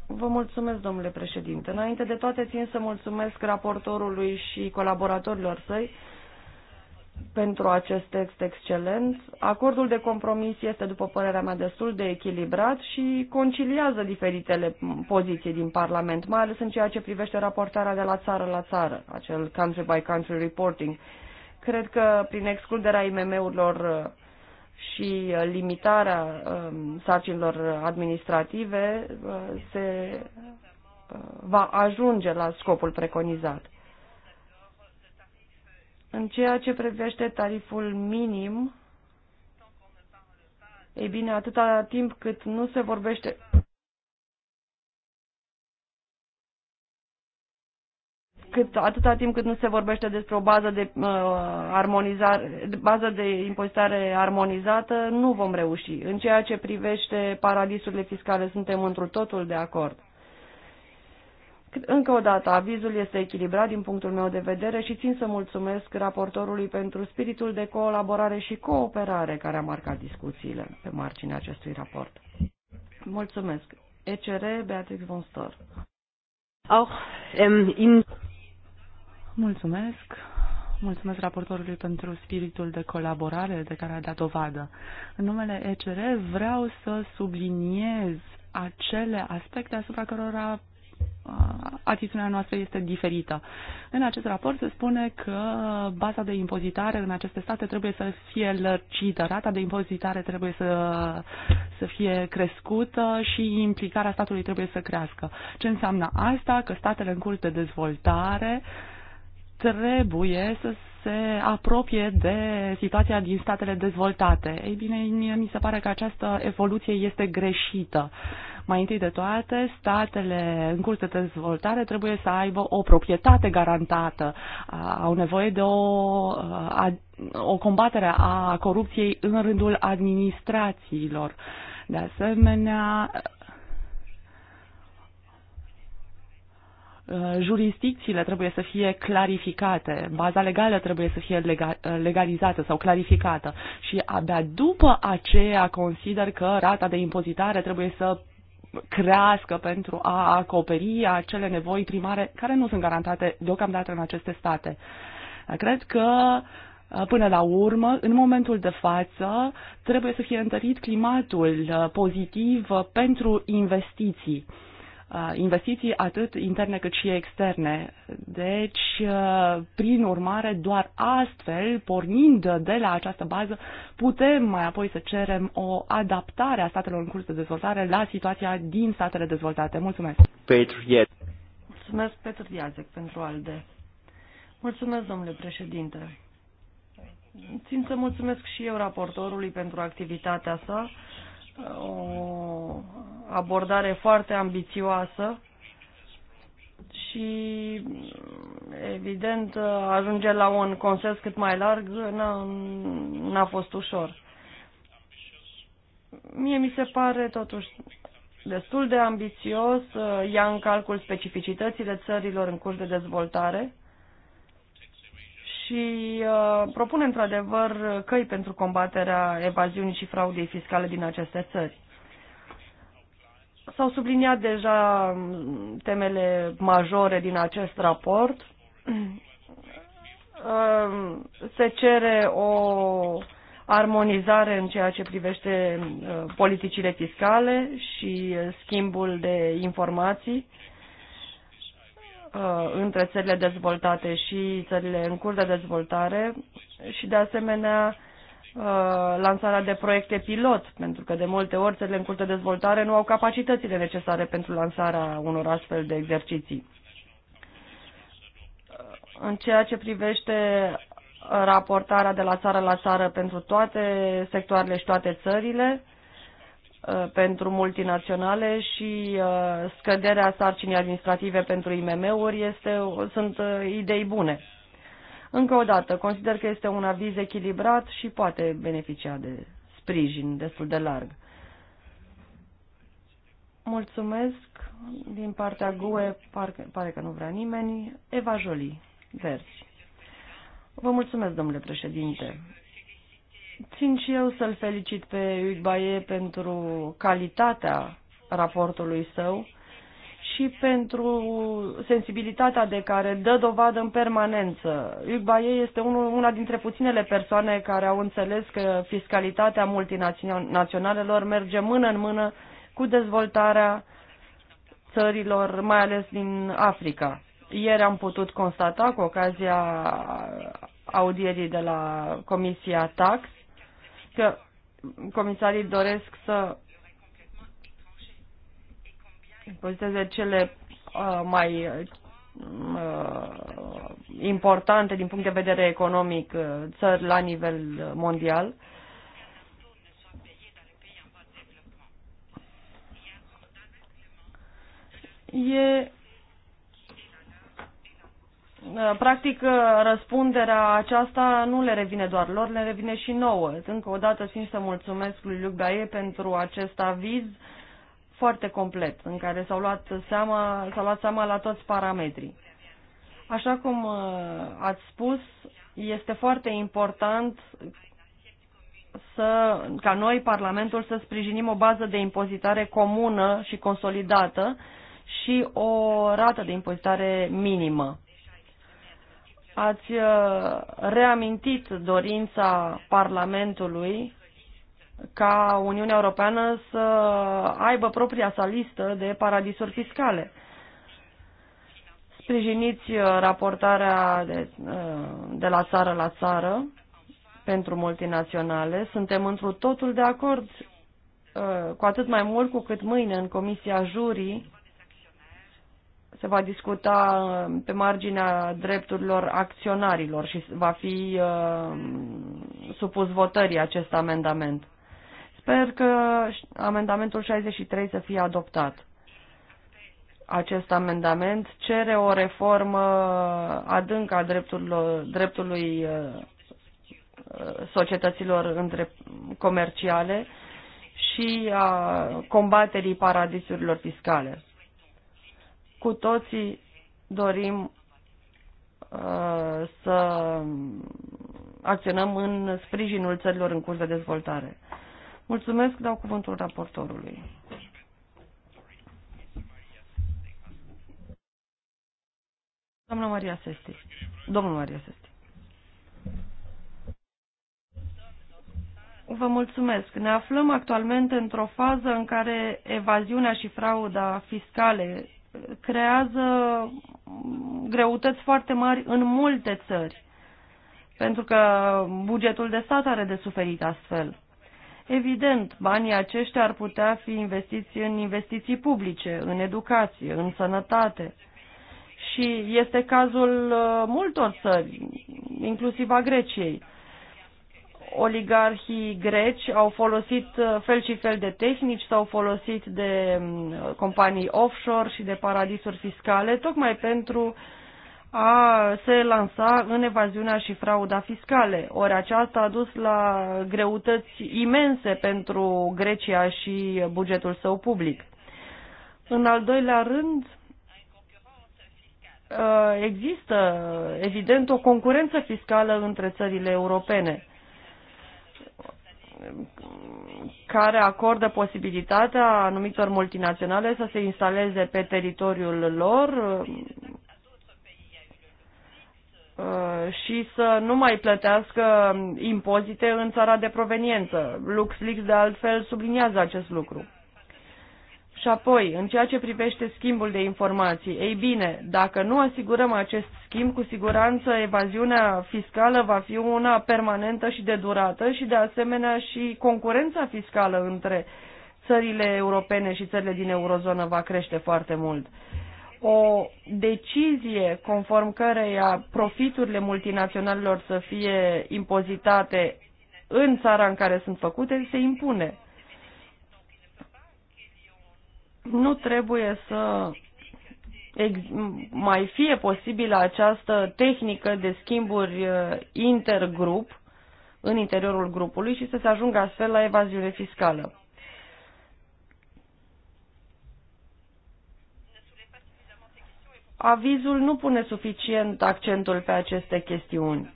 Vă mulțumesc, domnule președinte. Înainte de toate, țin să mulțumesc raportorului și colaboratorilor săi pentru acest text excelent. Acordul de compromis este, după părerea mea, destul de echilibrat și conciliază diferitele poziții din Parlament, mai ales în ceea ce privește raportarea de la țară la țară, acel country by country reporting. Cred că prin excluderea IMM-urilor uh, și uh, limitarea um, sarcinilor administrative uh, se va ajunge la scopul preconizat. În ceea ce privește tariful minim, ei bine, atâta timp cât nu se vorbește cât, atâta timp cât nu se vorbește despre o bază de, uh, armonizare, bază de impozitare armonizată, nu vom reuși. În ceea ce privește paradisurile fiscale, suntem într-un totul de acord. Încă o dată, avizul este echilibrat din punctul meu de vedere și țin să mulțumesc raportorului pentru spiritul de colaborare și cooperare care a marcat discuțiile pe marginea acestui raport. Mulțumesc. ECR Beatrix von Stor. Auch, ähm, in... Mulțumesc. Mulțumesc raportorului pentru spiritul de colaborare de care a dat dovadă. În numele ECR vreau să subliniez acele aspecte asupra cărora Uh, atitudinea noastră este diferită. În acest raport se spune că baza de impozitare în aceste state trebuie să fie lărcită, rata de impozitare trebuie să, să fie crescută și implicarea statului trebuie să crească. Ce înseamnă asta? Că statele în curs de dezvoltare trebuie să se apropie de situația din statele dezvoltate. Ei bine, mi se pare că această evoluție este greșită. Uh, mai întâi de toate, statele în curs de dezvoltare trebuie să aibă o proprietate garantată. Au nevoie de o, o combatere a corupției în rândul administrațiilor. De asemenea, jurisdicțiile trebuie să fie clarificate, baza legală trebuie să fie legalizată sau clarificată și abia după aceea consider că rata de impozitare trebuie să crească pentru a acoperi acele nevoi primare care nu sunt garantate deocamdată în aceste state. Cred că Până la urmă, în momentul de față, trebuie să fie întărit climatul uh, pozitiv uh, pentru investiții. Uh, investiții atât interne cât și externe. Deci, uh, prin urmare, doar astfel, pornind de la această bază, putem mai apoi să cerem o adaptare a statelor în curs de dezvoltare la situația din statele dezvoltate. Mulțumesc! Petru Iazec. Mulțumesc, Petru Iazec, pentru ALDE. Mulțumesc, domnule președinte. Țin să mulțumesc și eu raportorului pentru activitatea sa o abordare foarte ambițioasă și evident ajunge la un consens cât mai larg n-a fost ușor. Mie mi se pare totuși destul de ambițios, uh, ia în calcul specificitățile țărilor în curs de dezvoltare și uh, propun propune într-adevăr căi pentru combaterea evaziunii și fraudei fiscale din aceste țări. S-au subliniat deja temele majore din acest raport. <clears throat> Uh, se cere o armonizare în ceea ce privește uh, politicile fiscale și schimbul de informații Uh, între țările dezvoltate și țările în curs de dezvoltare și, de asemenea, uh, lansarea de proiecte pilot, pentru că de multe ori țările în curs de dezvoltare nu au capacitățile necesare pentru lansarea unor astfel de exerciții. Uh, în ceea ce privește raportarea de la țară la țară pentru toate sectoarele și toate țările, Uh, pentru multinaționale și uh, scăderea sarcinii administrative pentru IMM-uri este, sunt uh, idei bune. Încă o dată, consider că este un aviz echilibrat și poate beneficia de sprijin destul de larg. Mulțumesc. Din partea GUE, parcă, pare că nu vrea nimeni. Eva Jolie, versi. Vă mulțumesc, domnule președinte. Țin și eu să-l felicit pe Hugues pentru calitatea raportului său și pentru sensibilitatea de care dă dovadă în permanență. Hugues este unul, una dintre puținele persoane care au înțeles că fiscalitatea multinaționalelor merge mână în mână cu dezvoltarea țărilor, mai ales din Africa. Ieri am putut constata, cu ocazia audierii de la Comisia Tax, că comisarii doresc să impoziteze cele uh, mai uh, importante din punct de vedere economic uh, țări la nivel mondial. E Uh, practic, uh, răspunderea aceasta nu le revine doar lor, le revine și nouă. Încă o dată simt să mulțumesc lui Luc Baie pentru acest aviz foarte complet, în care s-au luat seama, s-a luat seama la toți parametrii. Așa cum uh, ați spus, este foarte important să, ca noi, Parlamentul, să sprijinim o bază de impozitare comună și consolidată și o rată de impozitare minimă ați uh, reamintit dorința Parlamentului ca Uniunea Europeană să aibă propria sa listă de paradisuri fiscale. Sprijiniți uh, raportarea de, uh, de la țară la țară pentru multinaționale. Suntem întru totul de acord, cu atât mai mult cu cât mâine în Comisia Jurii se va discuta uh, pe marginea drepturilor acționarilor și va fi uh, supus votării acest amendament. Sper că amendamentul 63 să fie adoptat. Acest amendament cere o reformă adâncă a drepturilor, dreptului uh, societăților între comerciale și a combaterii paradisurilor fiscale cu toții dorim uh, să acționăm în sprijinul țărilor în curs de dezvoltare. Mulțumesc, dau cuvântul raportorului. Doamna Maria Sesti. Domnul Maria Sesti. Vă mulțumesc. Ne aflăm actualmente într-o fază în care evaziunea și frauda fiscale creează greutăți foarte mari în multe țări, pentru că bugetul de stat are de suferit astfel. Evident, banii aceștia ar putea fi investiți în investiții publice, în educație, în sănătate. Și este cazul uh, multor țări, inclusiv a Greciei oligarhii greci au folosit uh, fel și fel de tehnici, s-au folosit de mm, companii offshore și de paradisuri fiscale, tocmai pentru a se lansa în evaziunea și frauda fiscale. Ori aceasta a dus la greutăți imense pentru Grecia și bugetul său public. În al doilea rând, uh, există, evident, o concurență fiscală între țările europene care acordă posibilitatea anumitor multinaționale să se instaleze pe teritoriul lor uh, și să nu mai plătească impozite în țara de proveniență. LuxLeaks de altfel subliniază acest lucru. Și apoi, în ceea ce privește schimbul de informații, ei bine, dacă nu asigurăm acest schimb, cu siguranță evaziunea fiscală va fi una permanentă și de durată și de asemenea și concurența fiscală între țările europene și țările din eurozonă va crește foarte mult. O decizie conform căreia profiturile multinaționalelor să fie impozitate în țara în care sunt făcute se impune nu trebuie să mai fie posibilă această tehnică de schimburi uh, intergrup în interiorul grupului și să se ajungă astfel la evaziune fiscală. Avizul nu pune suficient accentul pe aceste chestiuni.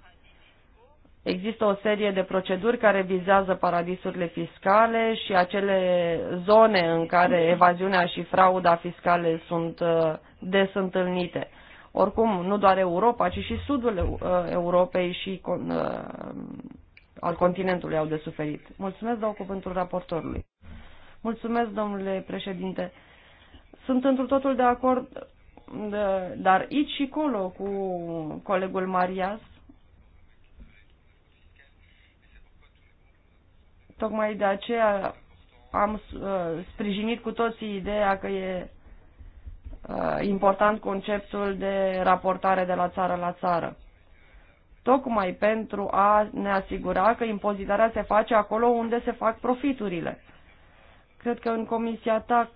Există o serie de proceduri care vizează paradisurile fiscale și acele zone în care evaziunea și frauda fiscale sunt uh, des întâlnite. Oricum, nu doar Europa, ci și sudul uh, Europei și uh, al continentului au de suferit. Mulțumesc, dau cuvântul raportorului. Mulțumesc, domnule președinte. Sunt într totul de acord, dar aici și colo cu colegul Marias Tocmai de aceea am uh, sprijinit cu toții ideea că e uh, important conceptul de raportare de la țară la țară. Tocmai pentru a ne asigura că impozitarea se face acolo unde se fac profiturile. Cred că în Comisia Tax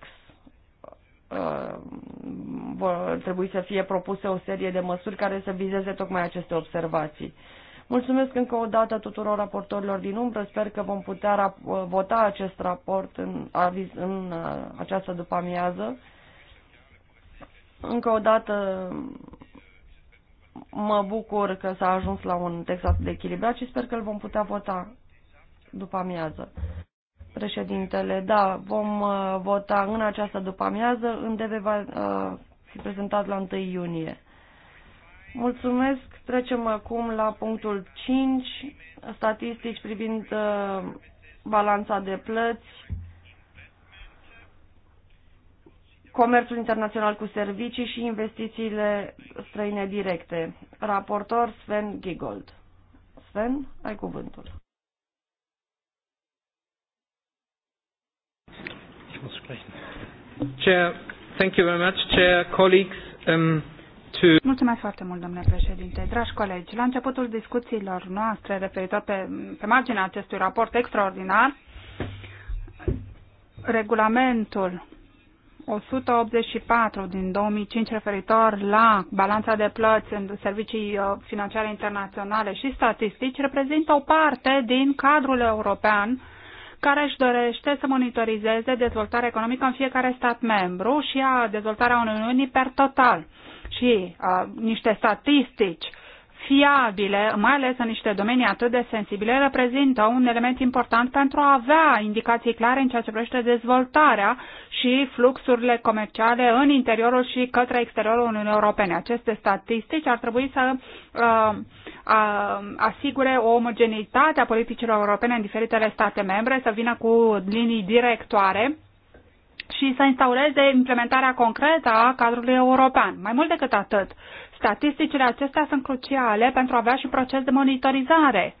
uh, trebuie să fie propuse o serie de măsuri care să vizeze tocmai aceste observații. Mulțumesc încă o dată tuturor raportorilor din umbră. Sper că vom putea vota acest raport în, aviz, în uh, această după-amiază. Încă o dată mă bucur că s-a ajuns la un text atât de echilibrat și sper că îl vom putea vota după-amiază. Președintele, da, vom uh, vota în această după-amiază. În va uh, fi prezentat la 1 iunie. Mulțumesc. Trecem acum la punctul 5, statistici privind uh, balanța de plăți, comerțul internațional cu servicii și investițiile străine directe. Raportor Sven Gigold. Sven, ai cuvântul. Chair, thank you very much, Chair, colleagues. Um, to... Mulțumesc foarte mult, domnule președinte. Dragi colegi, la începutul discuțiilor noastre referitor pe, pe marginea acestui raport extraordinar, regulamentul 184 din 2005 referitor la balanța de plăți în servicii uh, financiare internaționale și statistici reprezintă o parte din cadrul european care își dorește să monitorizeze dezvoltarea economică în fiecare stat membru și a dezvoltarea Uniunii per total fi uh, niște statistici fiabile, mai ales în niște domenii atât de sensibile, reprezintă un element important pentru a avea indicații clare în ceea ce privește dezvoltarea și fluxurile comerciale în interiorul și către exteriorul Uniunii Europene. Aceste statistici ar trebui să uh, uh, asigure o omogenitate a politicilor europene în diferitele state membre, să vină cu linii directoare și să instaureze implementarea concretă a cadrului european. Mai mult decât atât, statisticile acestea sunt cruciale pentru a avea și proces de monitorizare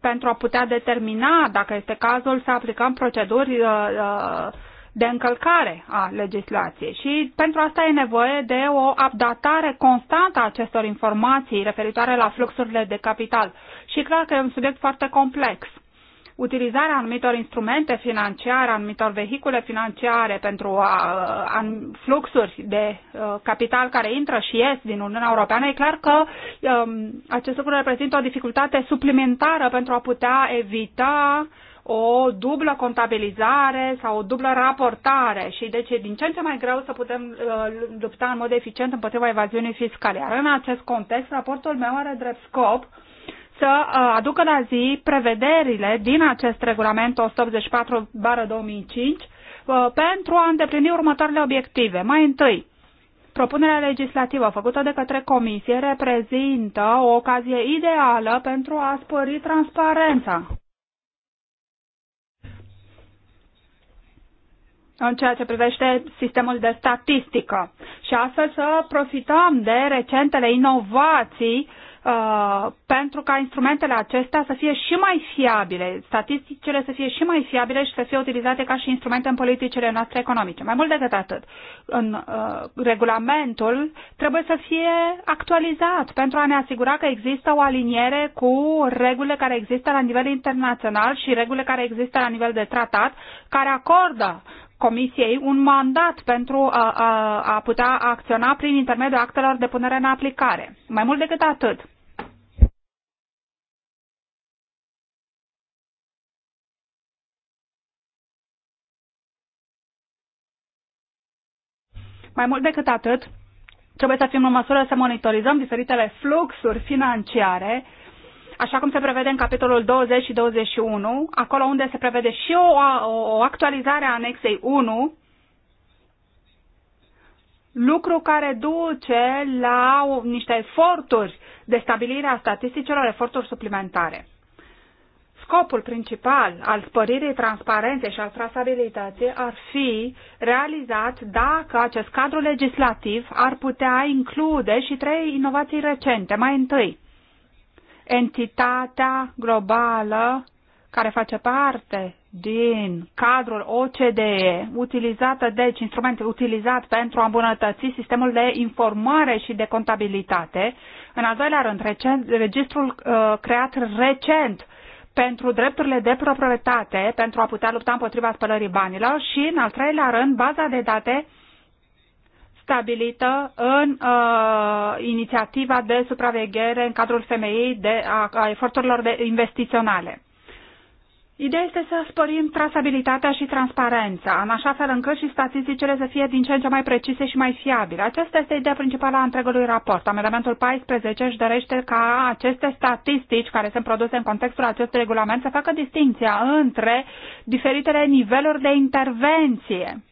pentru a putea determina, dacă este cazul, să aplicăm proceduri uh, uh, de încălcare a legislației. Și pentru asta e nevoie de o updatare constantă a acestor informații referitoare la fluxurile de capital. Și clar că e un subiect foarte complex utilizarea anumitor instrumente financiare, anumitor vehicule financiare pentru a, uh, a, fluxuri de a, uh, capital care intră și ies din Uniunea Europeană, e clar că a, um, acest lucru reprezintă o dificultate suplimentară pentru a putea evita o dublă contabilizare sau o dublă raportare și deci e din ce în ce mai greu să putem uh, lupta în mod eficient împotriva evaziunii fiscale. Iar în acest context, raportul meu are drept scop uh, să uh, aducă la zi prevederile din acest regulament 184-2005 uh, pentru a îndeplini următoarele obiective. Mai întâi, Propunerea legislativă făcută de către Comisie reprezintă o ocazie ideală pentru a spări transparența. în ceea ce privește sistemul de statistică și astfel să profităm de recentele inovații uh, pentru ca instrumentele acestea să fie și mai fiabile, statisticile să fie și mai fiabile și să fie utilizate ca și instrumente în politicile noastre economice. Mai mult decât atât, în uh, regulamentul trebuie să fie actualizat pentru a ne asigura că există o aliniere cu regulile care există la nivel internațional și regulile care există la nivel de tratat, care acordă Comisiei un mandat pentru a, a, a putea acționa prin intermediul actelor de punere în aplicare. Mai mult decât atât, Mai mult decât atât, trebuie să fim în măsură să monitorizăm diferitele fluxuri financiare, așa cum se prevede în capitolul 20 și 21, acolo unde se prevede și o, o, o actualizare a anexei 1, lucru care duce la niște eforturi de stabilire a statisticilor, eforturi suplimentare. Scopul principal al spăririi transparenței și al trasabilității ar fi realizat dacă acest cadru legislativ ar putea include și trei inovații recente. Mai întâi, entitatea globală care face parte din cadrul OCDE, utilizată, deci instrument utilizat pentru a îmbunătăți sistemul de informare și de contabilitate. În al doilea rând, recent, registrul uh, creat recent pentru drepturile de proprietate, pentru a putea lupta împotriva spălării banilor și, în al treilea rând, baza de date stabilită în uh, inițiativa de supraveghere în cadrul femeii de, a, a eforturilor de investiționale. Ideea este să sporim trasabilitatea și transparența, în așa fel încât și statisticele să fie din ce în ce mai precise și mai fiabile. Aceasta este ideea principală a întregului raport. Amendamentul 14 își dorește ca aceste statistici care sunt produse în contextul acestui regulament să facă distinția între diferitele niveluri de intervenție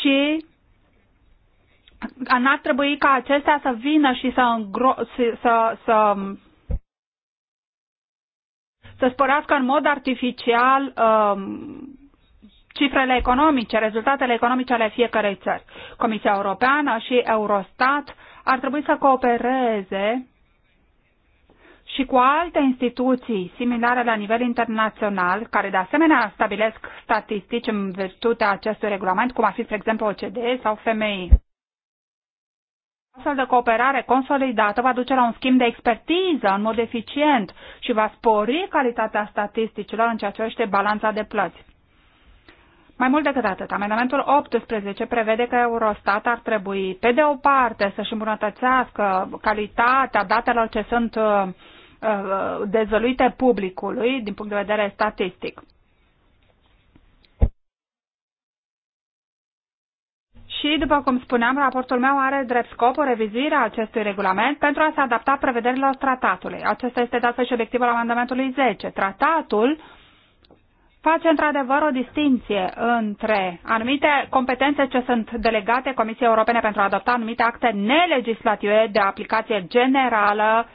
și n-ar trebui ca acestea să vină și să, îngro- să, să, să să sporească în mod artificial um, cifrele economice, rezultatele economice ale fiecărei țări. Comisia Europeană și Eurostat ar trebui să coopereze și cu alte instituții similare la nivel internațional, care de asemenea stabilesc statistici în virtutea acestui regulament, cum ar fi, de exemplu, OCDE sau FMI. Astfel de cooperare consolidată va duce la un schimb de expertiză în mod eficient și va spori calitatea statisticilor în ceea ce este balanța de plăți. Mai mult decât atât, amendamentul 18 prevede că Eurostat ar trebui, pe de o parte, să-și îmbunătățească calitatea datelor ce sunt uh, uh, dezvăluite publicului din punct de vedere statistic. și, după cum spuneam, raportul meu are drept scop o revizuire a acestui regulament pentru a se adapta prevederilor tratatului. Acesta este dat și obiectivul amendamentului 10. Tratatul face într-adevăr o distinție între anumite competențe ce sunt delegate Comisiei Europene pentru a adopta anumite acte nelegislative de aplicație generală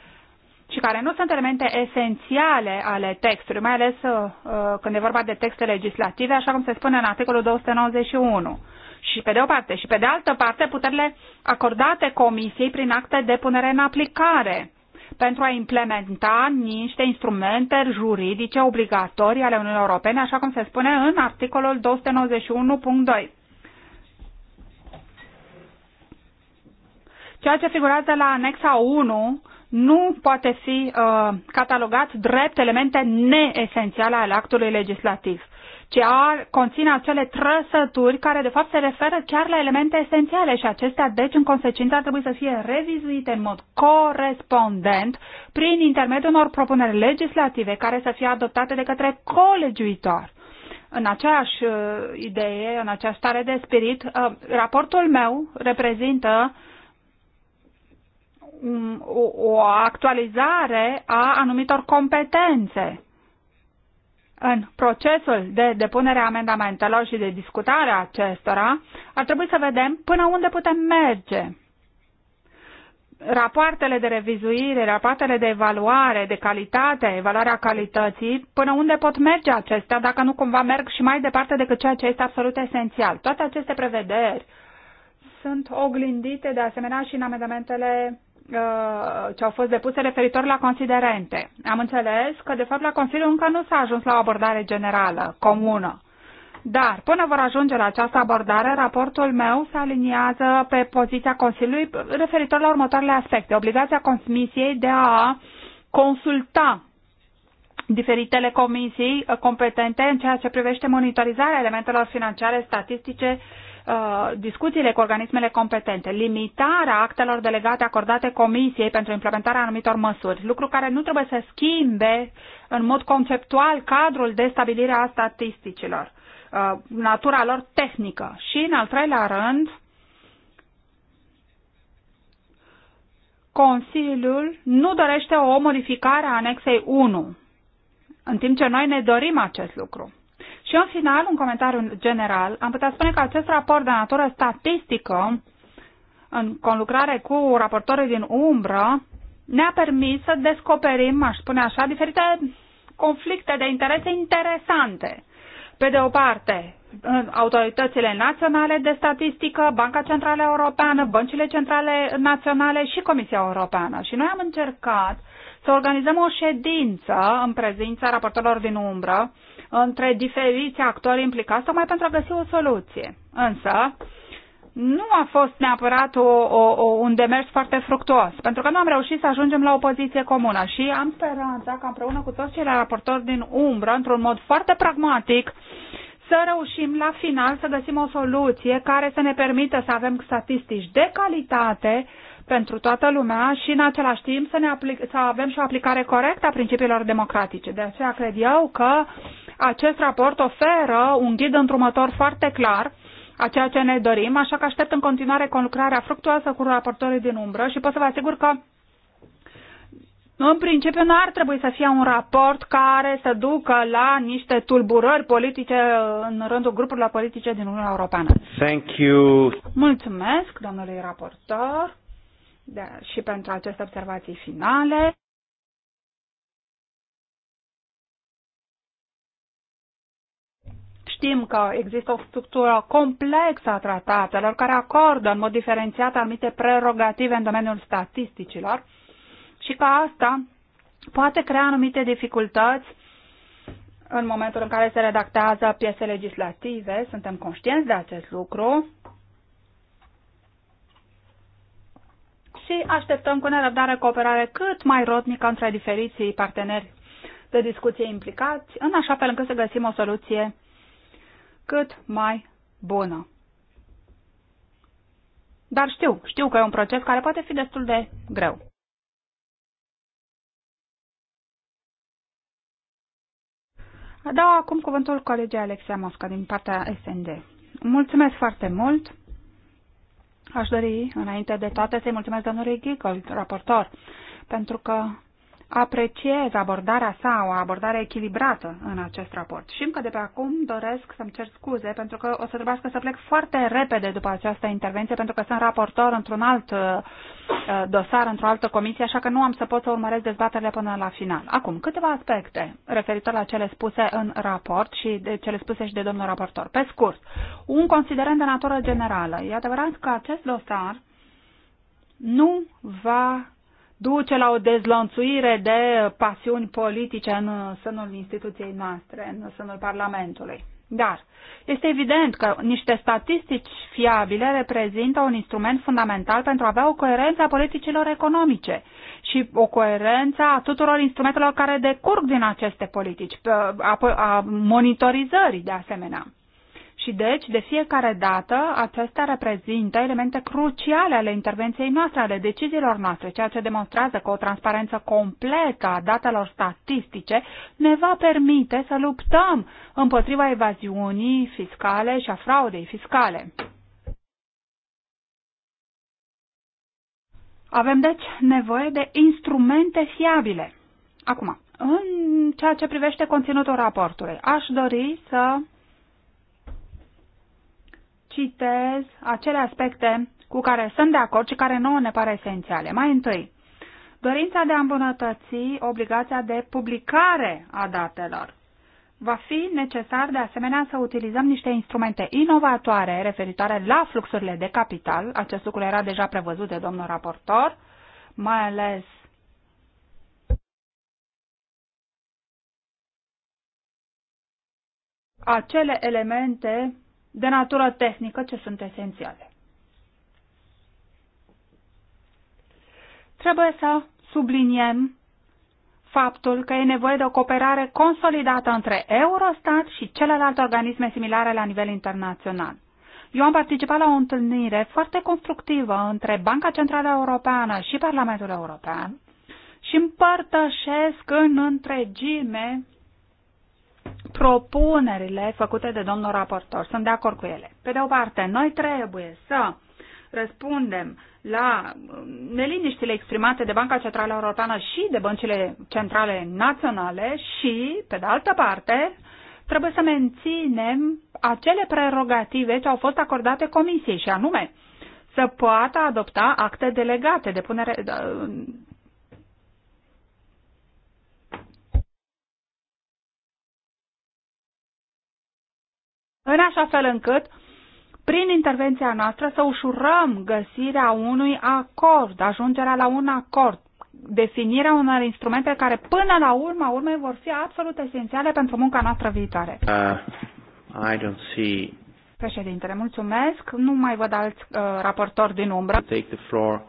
și care nu sunt elemente esențiale ale textului, mai ales uh, uh când e vorba de texte legislative, așa cum se spune în articolul 291 și pe de o parte, și pe de altă parte puterile acordate Comisiei prin acte de punere în aplicare pentru a implementa niște instrumente juridice obligatorii ale Uniunii Europene, așa cum se spune în articolul 291.2. Ceea ce figurează la anexa 1 nu poate fi uh, catalogat drept elemente neesențiale ale actului legislativ ce ar conține acele trăsături care de fapt se referă chiar la elemente esențiale și acestea deci în consecință ar trebui să fie revizuite în mod corespondent prin intermediul unor propuneri legislative care să fie adoptate de către colegiuitor în aceeași uh, idee, în aceeași stare de spirit, uh, raportul meu reprezintă um, o actualizare a anumitor competențe în procesul de depunere a amendamentelor și de discutare a acestora, ar trebui să vedem până unde putem merge. Rapoartele de revizuire, rapoartele de evaluare, de calitate, evaluarea calității, până unde pot merge acestea dacă nu cumva merg și mai departe decât ceea ce este absolut esențial. Toate aceste prevederi sunt oglindite de asemenea și în amendamentele Uh, ce au fost depuse referitor la considerente. Am înțeles că, de fapt, la Consiliu încă nu s-a ajuns la o abordare generală, comună. Dar, până vor ajunge la această abordare, raportul meu se aliniază pe poziția Consiliului referitor la următoarele aspecte. Obligația Comisiei de a consulta diferitele comisii competente în ceea ce privește monitorizarea elementelor financiare, statistice Uh, discuțiile cu organismele competente, limitarea actelor delegate acordate Comisiei pentru implementarea anumitor măsuri, lucru care nu trebuie să schimbe în mod conceptual cadrul de stabilire a statisticilor, uh, natura lor tehnică. Și, în al treilea rând, Consiliul nu dorește o modificare a anexei 1, în timp ce noi ne dorim acest lucru. Și în final, un comentariu general, am putea spune că acest raport de natură statistică, în conlucrare cu raportorii din umbră, ne-a permis să descoperim, aș spune așa, diferite conflicte de interese interesante. Pe de o parte, autoritățile naționale de statistică, Banca Centrală Europeană, băncile centrale naționale și Comisia Europeană. Și noi am încercat să organizăm o ședință în prezența raportorilor din umbră între diferiți actori implicați, tocmai pentru a găsi o soluție. Însă, nu a fost neapărat o, o, o, un demers foarte fructuos, pentru că nu am reușit să ajungem la o poziție comună și am speranța că împreună cu toți ceilalți raportori din umbră, într-un mod foarte pragmatic, să reușim la final să găsim o soluție care să ne permită să avem statistici de calitate pentru toată lumea și în același timp să, ne aplic- să avem și o aplicare corectă a principiilor democratice. De aceea cred eu că uh, acest raport oferă un ghid întrumător foarte clar a ceea ce ne dorim, așa că aștept în continuare conlucrarea fructuoasă cu raportorii din umbră și pot să vă asigur că în principiu nu ar trebui să fie un raport care să ducă la niște tulburări politice în rândul grupurilor politice din Uniunea Europeană. Thank you. Mulțumesc, domnului raportor, de, da, și pentru aceste observații finale. Știm că există o structură complexă a tratatelor care acordă în mod diferențiat anumite prerogative în domeniul statisticilor și că asta poate crea anumite dificultăți în momentul în care se redactează piese legislative. Suntem conștienți de acest lucru. Și așteptăm cu nerăbdare cooperare cât mai rotnică între diferiții parteneri de discuție implicați, în așa fel încât să găsim o soluție cât mai bună. Dar știu, știu că e un proces care poate fi destul de greu. Dau acum cuvântul colegii Alexia Mosca din partea SND. Mulțumesc foarte mult! Aș dori, înainte de toate, să-i mulțumesc domnului Giggle, raportor, pentru că apreciez abordarea sa, o abordare echilibrată în acest raport. Și încă de pe acum doresc să-mi cer scuze pentru că o să trebuiască să plec foarte repede după această intervenție pentru că sunt raportor într-un alt uh, uh, dosar, într-o altă comisie, așa că nu am să pot să urmăresc dezbaterile până la final. Acum, câteva aspecte referitor la cele spuse în raport și de cele spuse și de domnul raportor. Pe scurt, un considerent de natură generală. E adevărat că acest dosar nu va duce la o dezlănțuire de pasiuni politice în sânul instituției noastre, în sânul Parlamentului. Dar este evident că niște statistici fiabile reprezintă un instrument fundamental pentru a avea o coerență a politicilor economice și o coerență a tuturor instrumentelor care decurg din aceste politici, a monitorizării de asemenea. Și deci, de fiecare dată, acestea reprezintă elemente cruciale ale intervenției noastre, ale deciziilor noastre, ceea ce demonstrează că o transparență completă a datelor statistice ne va permite să luptăm împotriva evaziunii fiscale și a fraudei fiscale. Avem deci nevoie de instrumente fiabile. Acum, în ceea ce privește conținutul raportului, aș dori să citez acele aspecte cu care sunt de acord și care nouă ne pare esențiale. Mai întâi, dorința de a îmbunătăți obligația de publicare a datelor. Va fi necesar de asemenea să utilizăm niște instrumente inovatoare referitoare la fluxurile de capital. Acest lucru era deja prevăzut de domnul raportor, mai ales acele elemente de natură tehnică ce sunt esențiale. Trebuie să subliniem faptul că e nevoie de o cooperare consolidată între Eurostat și celelalte organisme similare la nivel internațional. Eu am participat la o întâlnire foarte constructivă între Banca Centrală Europeană și Parlamentul European și împărtășesc în întregime propunerile făcute de domnul raportor. Sunt de acord cu ele. Pe de o parte, noi trebuie să răspundem la mm, neliniștile exprimate de Banca Centrală Europeană și de băncile centrale naționale și, pe de altă parte, trebuie să menținem acele prerogative ce au fost acordate Comisiei și anume să poată adopta acte delegate de punere, în așa fel încât, prin intervenția noastră, să ușurăm găsirea unui acord, ajungerea la un acord, definirea unor instrumente care până la urma urmei vor fi absolut esențiale pentru munca noastră viitoare. Uh, I don't see... Președintele, mulțumesc. Nu mai văd alți uh, raportori din umbră. Take the floor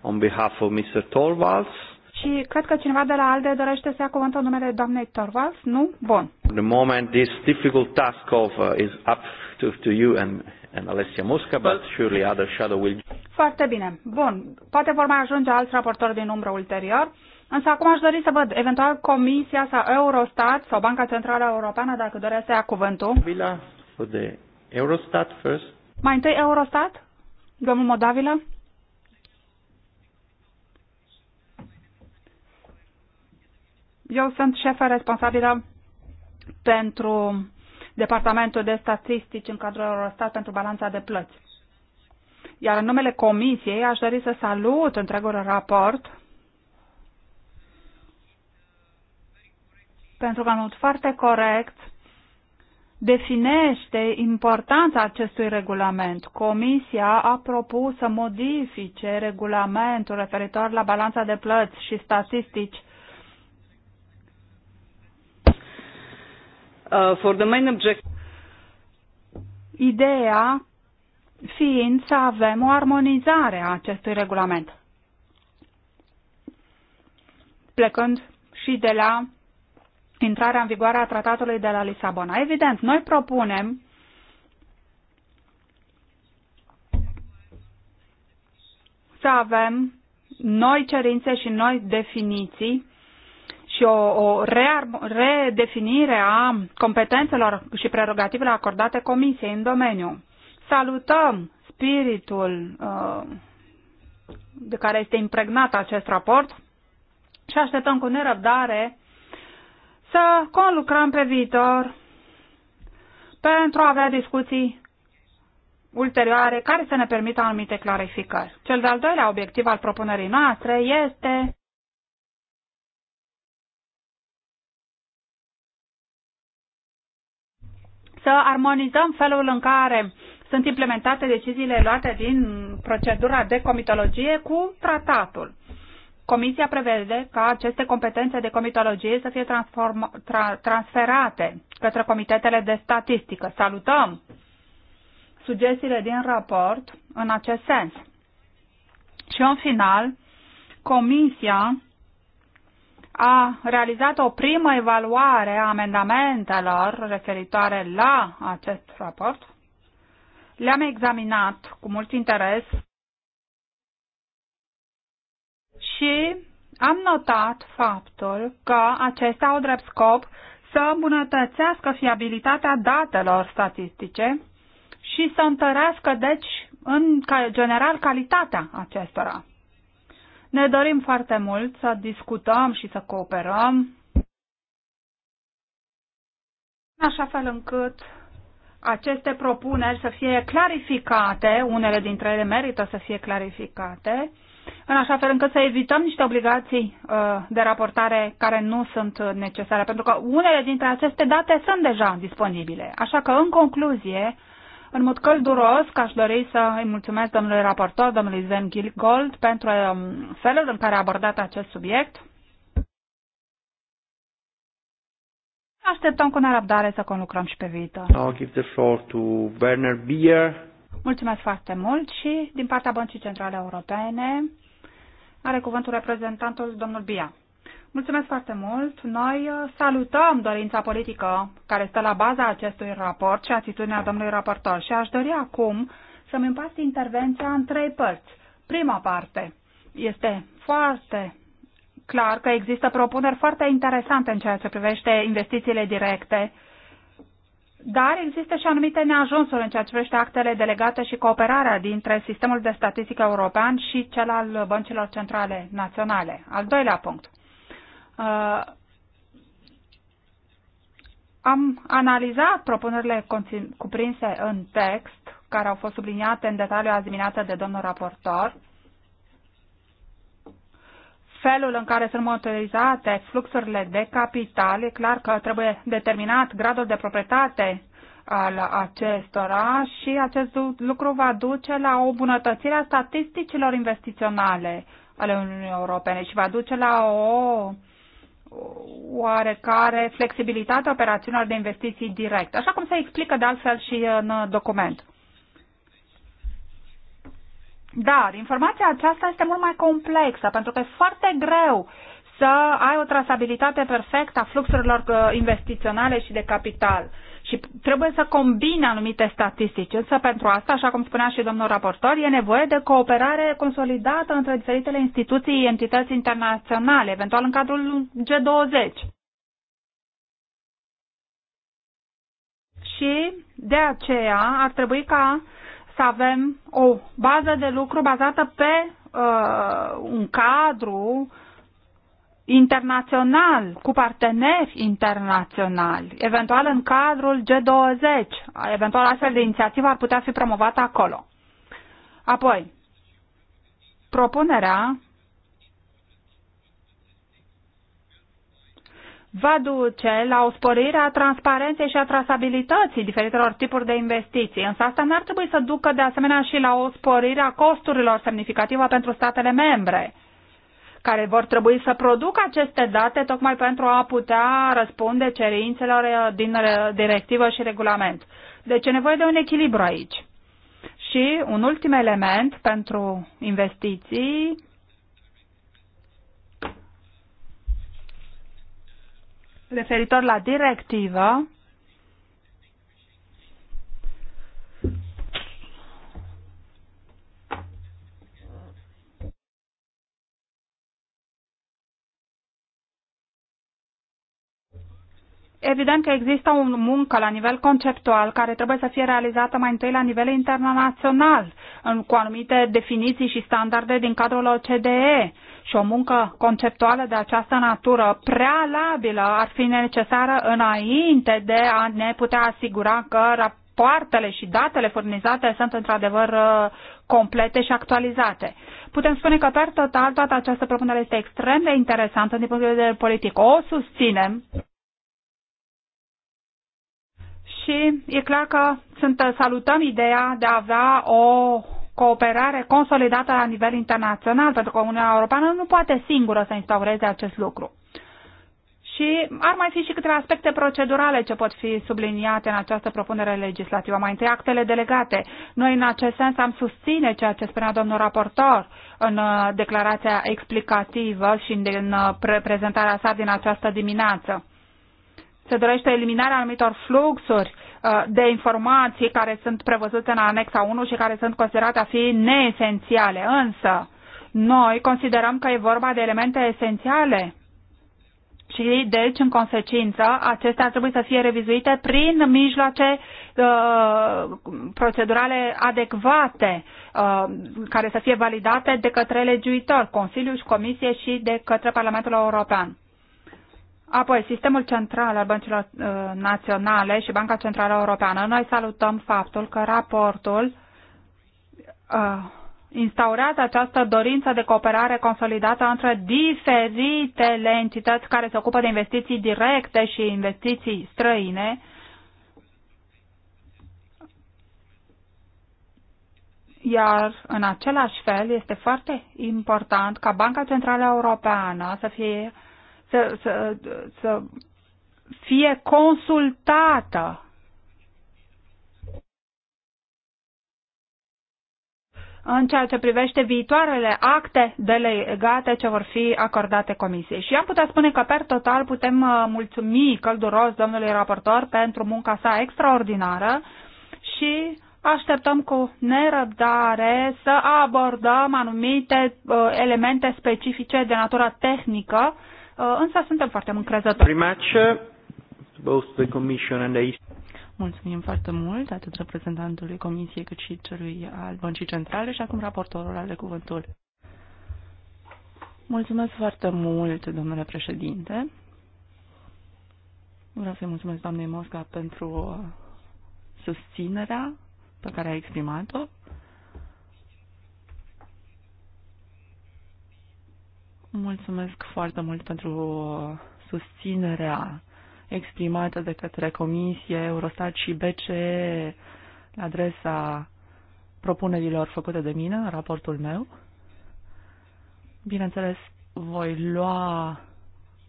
on behalf of Mr. Torvalds. Și cred că cineva de la ALDE dorește să ia cuvântul numele doamnei Torvalds, nu? Bun. The moment this difficult task of uh, is up to, to you and and Alessia Musca, but surely other shadow will... Foarte bine. Bun. Poate vor mai ajunge alți raportori din umbră ulterior. Însă acum aș dori să văd eventual Comisia sau Eurostat sau Banca Centrală Europeană, dacă dorește să ia cuvântul. Vila, the Eurostat first. Mai întâi Eurostat, domnul Modavila. Eu sunt șefa responsabilă pentru Departamentul de Statistici în cadrul Eurostat pentru balanța de plăți. Iar în numele Comisiei aș dori să salut întregul raport pentru că în mod foarte corect definește importanța acestui regulament. Comisia a propus să modifice regulamentul referitor la balanța de plăți și statistici Uh, for the main object Ideea fiind să avem o armonizare a acestui regulament. Plecând și de la intrarea în vigoare a tratatului de la Lisabona. Evident, noi propunem să avem noi cerințe și noi definiții și o, o redefinire a competențelor și prerogativele acordate Comisiei în domeniu. Salutăm spiritul uh, de care este impregnat acest raport și așteptăm cu nerăbdare să conlucrăm pe viitor pentru a avea discuții ulterioare care să ne permită anumite clarificări. Cel de-al doilea obiectiv al propunerii noastre este să armonizăm felul în care sunt implementate deciziile luate din procedura de comitologie cu tratatul. Comisia prevede ca aceste competențe de comitologie să fie tra transferate către comitetele de statistică. Salutăm sugestiile din raport în acest sens. Și în final, Comisia a realizat o primă evaluare a amendamentelor referitoare la acest raport. Le-am examinat cu mult interes și am notat faptul că acestea au drept scop să îmbunătățească fiabilitatea datelor statistice și să întărească, deci, în general, calitatea acestora. Ne dorim foarte mult să discutăm și să cooperăm în așa fel încât aceste propuneri să fie clarificate, unele dintre ele merită să fie clarificate, în așa fel încât să evităm niște obligații uh, de raportare care nu sunt necesare, pentru că unele dintre aceste date sunt deja disponibile. Așa că, în concluzie, în mod călduros, că aș dori să îi mulțumesc domnului raportor, domnului Zen Gilgold, pentru um, felul în care a abordat acest subiect. Așteptăm cu nerăbdare să conlucrăm și pe viitor. I'll give the floor to Werner Bier. Mulțumesc foarte mult și din partea Băncii Centrale Europene are cuvântul reprezentantul domnul Bia. Mulțumesc foarte mult. Noi uh, salutăm dorința politică care stă la baza acestui raport și atitudinea domnului raportor și aș dori acum să-mi împart intervenția în trei părți. Prima parte este foarte clar că există propuneri foarte interesante în ceea ce privește investițiile directe, dar există și anumite neajunsuri în ceea ce privește actele delegate și cooperarea dintre sistemul de statistică european și cel al băncilor centrale naționale. Al doilea punct uh, am analizat propunerile cuprinse în text, care au fost subliniate în detaliu azi dimineață de domnul raportor, felul în care sunt motorizate fluxurile de capital, e clar că trebuie determinat gradul de proprietate al acestora și acest lucru va duce la o bunătățire a statisticilor investiționale ale Uniunii Europene și va duce la o oarecare flexibilitate a operațiunilor de investiții direct, așa cum se explică de altfel și în document. Dar informația aceasta este mult mai complexă, pentru că e foarte greu să ai o trasabilitate perfectă a fluxurilor uh, investiționale și de capital. Și trebuie să combine anumite statistici, însă pentru asta, așa cum spunea și domnul raportor, e nevoie de cooperare consolidată între diferitele instituții, entități internaționale, eventual în cadrul G20. Și de aceea ar trebui ca să avem o bază de lucru bazată pe uh, un cadru uh, internațional, cu parteneri internaționali, eventual în cadrul G20. Eventual astfel de inițiativă ar putea fi promovată acolo. Apoi, propunerea va duce la o sporire a transparenței și a trasabilității diferitelor tipuri de investiții. Însă asta n-ar trebui să ducă de asemenea și la o sporire a costurilor semnificativă pentru statele membre care vor trebui să producă aceste date tocmai pentru a putea răspunde cerințelor uh, din uh, directivă și regulament. Deci e nevoie de un echilibru aici. Și un ultim element pentru investiții referitor la directivă Evident că există o muncă la nivel conceptual care trebuie să fie realizată mai întâi la nivel internațional, cu anumite definiții și standarde din cadrul OCDE și o muncă conceptuală de această natură prealabilă ar fi necesară înainte de a ne putea asigura că rapoartele și datele furnizate sunt într-adevăr uh, complete și actualizate. Putem spune că, per total, toată această propunere este extrem de interesantă din punct de vedere politic. O susținem și e clar că sunt, salutăm ideea de a avea o cooperare consolidată la nivel internațional, pentru că Uniunea Europeană nu poate singură să instaureze acest lucru. Și ar mai fi și câteva aspecte procedurale ce pot fi subliniate în această propunere legislativă. Mai întâi, actele delegate. Noi, în acest sens, am susține ceea ce spunea domnul raportor în uh, declarația explicativă și în uh, prezentarea sa din această dimineață se dorește eliminarea anumitor fluxuri uh, de informații care sunt prevăzute în anexa 1 și care sunt considerate a fi neesențiale. Însă, noi considerăm că e vorba de elemente esențiale și, deci, în consecință, acestea trebuie să fie revizuite prin mijloace uh, procedurale adecvate, uh, care să fie validate de către legiuitor, Consiliul și Comisie și de către Parlamentul European. Apoi, sistemul central al băncilor uh, naționale și Banca Centrală Europeană. Noi salutăm faptul că raportul uh, instaurează această dorință de cooperare consolidată între diferitele entități care se ocupă de investiții directe și investiții străine. Iar, în același fel, este foarte important ca Banca Centrală Europeană să fie uh, să, să, să fie consultată. în ceea ce privește viitoarele acte delegate ce vor fi acordate comisiei. Și am putea spune că, per total, putem uh, mulțumi călduros domnului raportor pentru munca sa extraordinară și așteptăm cu nerăbdare să abordăm anumite uh, elemente specifice de natură tehnică Uh, însă suntem foarte încrezători. Uh, Mulțumim foarte mult, atât reprezentantului Comisiei cât și celui al Băncii Centrale și acum raportorul ale cuvântul. Mulțumesc foarte mult, domnule președinte. Vreau să-i mulțumesc doamnei Mosca pentru susținerea pe care a exprimat-o Mulțumesc foarte mult pentru susținerea exprimată de către Comisie, Eurostat și BCE la adresa propunerilor făcute de mine raportul meu. Bineînțeles, voi lua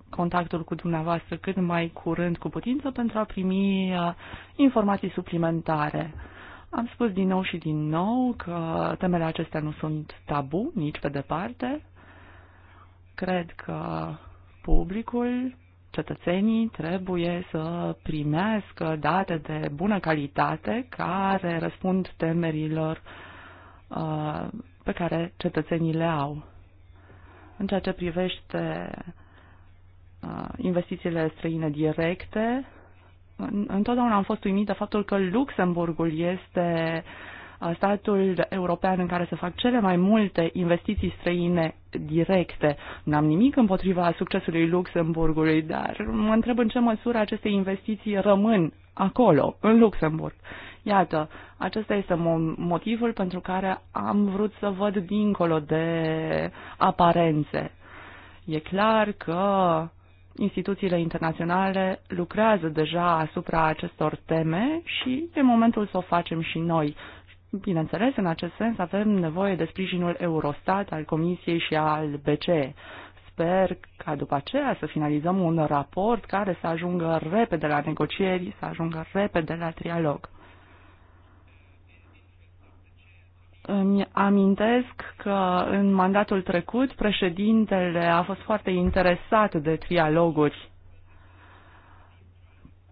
contactul cu dumneavoastră cât mai curând cu putință pentru a primi uh, informații suplimentare. Am spus din nou și din nou că temele acestea nu sunt tabu nici pe departe. Cred că publicul, cetățenii trebuie să primească date de bună calitate care răspund temerilor uh, pe care cetățenii le au. În ceea ce privește uh, investițiile străine directe, întotdeauna am fost uimit de faptul că Luxemburgul este uh, statul european în care se fac cele mai multe investiții străine directe. N-am nimic împotriva succesului Luxemburgului, dar mă întreb în ce măsură aceste investiții rămân acolo, în Luxemburg. Iată, acesta este motivul pentru care am vrut să văd dincolo de aparențe. E clar că instituțiile internaționale lucrează deja asupra acestor teme și e momentul să o facem și noi. Bineînțeles, în acest sens avem nevoie de sprijinul Eurostat, al Comisiei și al BCE. Sper ca după aceea să finalizăm un raport care să ajungă repede la negocieri, să ajungă repede la trialog. Îmi amintesc că în mandatul trecut președintele a fost foarte interesat de trialoguri.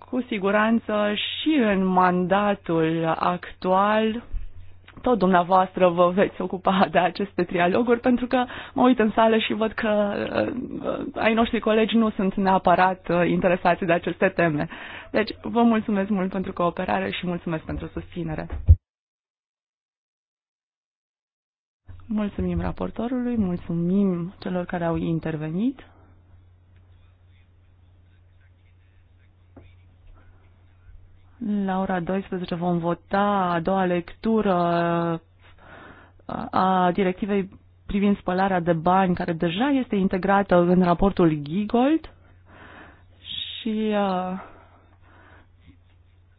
Cu siguranță și în mandatul actual tot dumneavoastră vă veți ocupa de aceste trialoguri, pentru că mă uit în sală și văd că uh, ai noștri colegi nu sunt neapărat uh, interesați de aceste teme. Deci, vă mulțumesc mult pentru cooperare și mulțumesc pentru susținere. Mulțumim raportorului, mulțumim celor care au intervenit. La ora 12 vom vota a doua lectură a directivei privind spălarea de bani, care deja este integrată în raportul Gigold și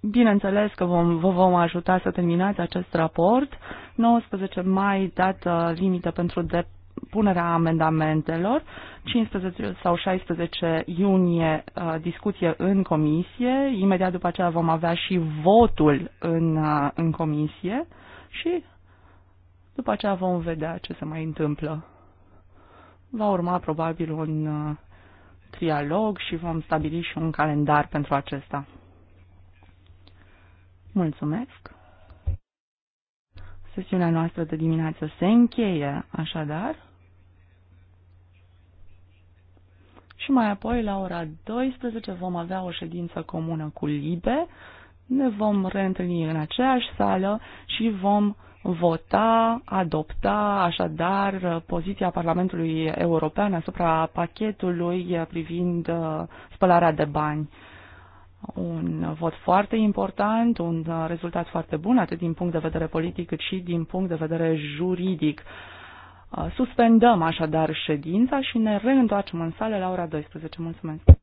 bineînțeles că vom, vă vom ajuta să terminați acest raport. 19 mai, dată limită pentru punerea amendamentelor. 15 sau 16 iunie uh, discuție în comisie, imediat după aceea vom avea și votul în, uh, în comisie și după aceea vom vedea ce se mai întâmplă. Va urma probabil un uh, trialog și vom stabili și un calendar pentru acesta. Mulțumesc! Sesiunea noastră de dimineață se încheie, așadar. și mai apoi la ora 12 vom avea o ședință comună cu LIBE, ne vom reîntâlni în aceeași sală și vom vota, adopta așadar poziția Parlamentului European asupra pachetului privind uh, spălarea de bani. Un vot foarte important, un uh, rezultat foarte bun, atât din punct de vedere politic cât și din punct de vedere juridic. Suspendăm așadar ședința și ne reîntoarcem în sală la ora 12. Mulțumesc!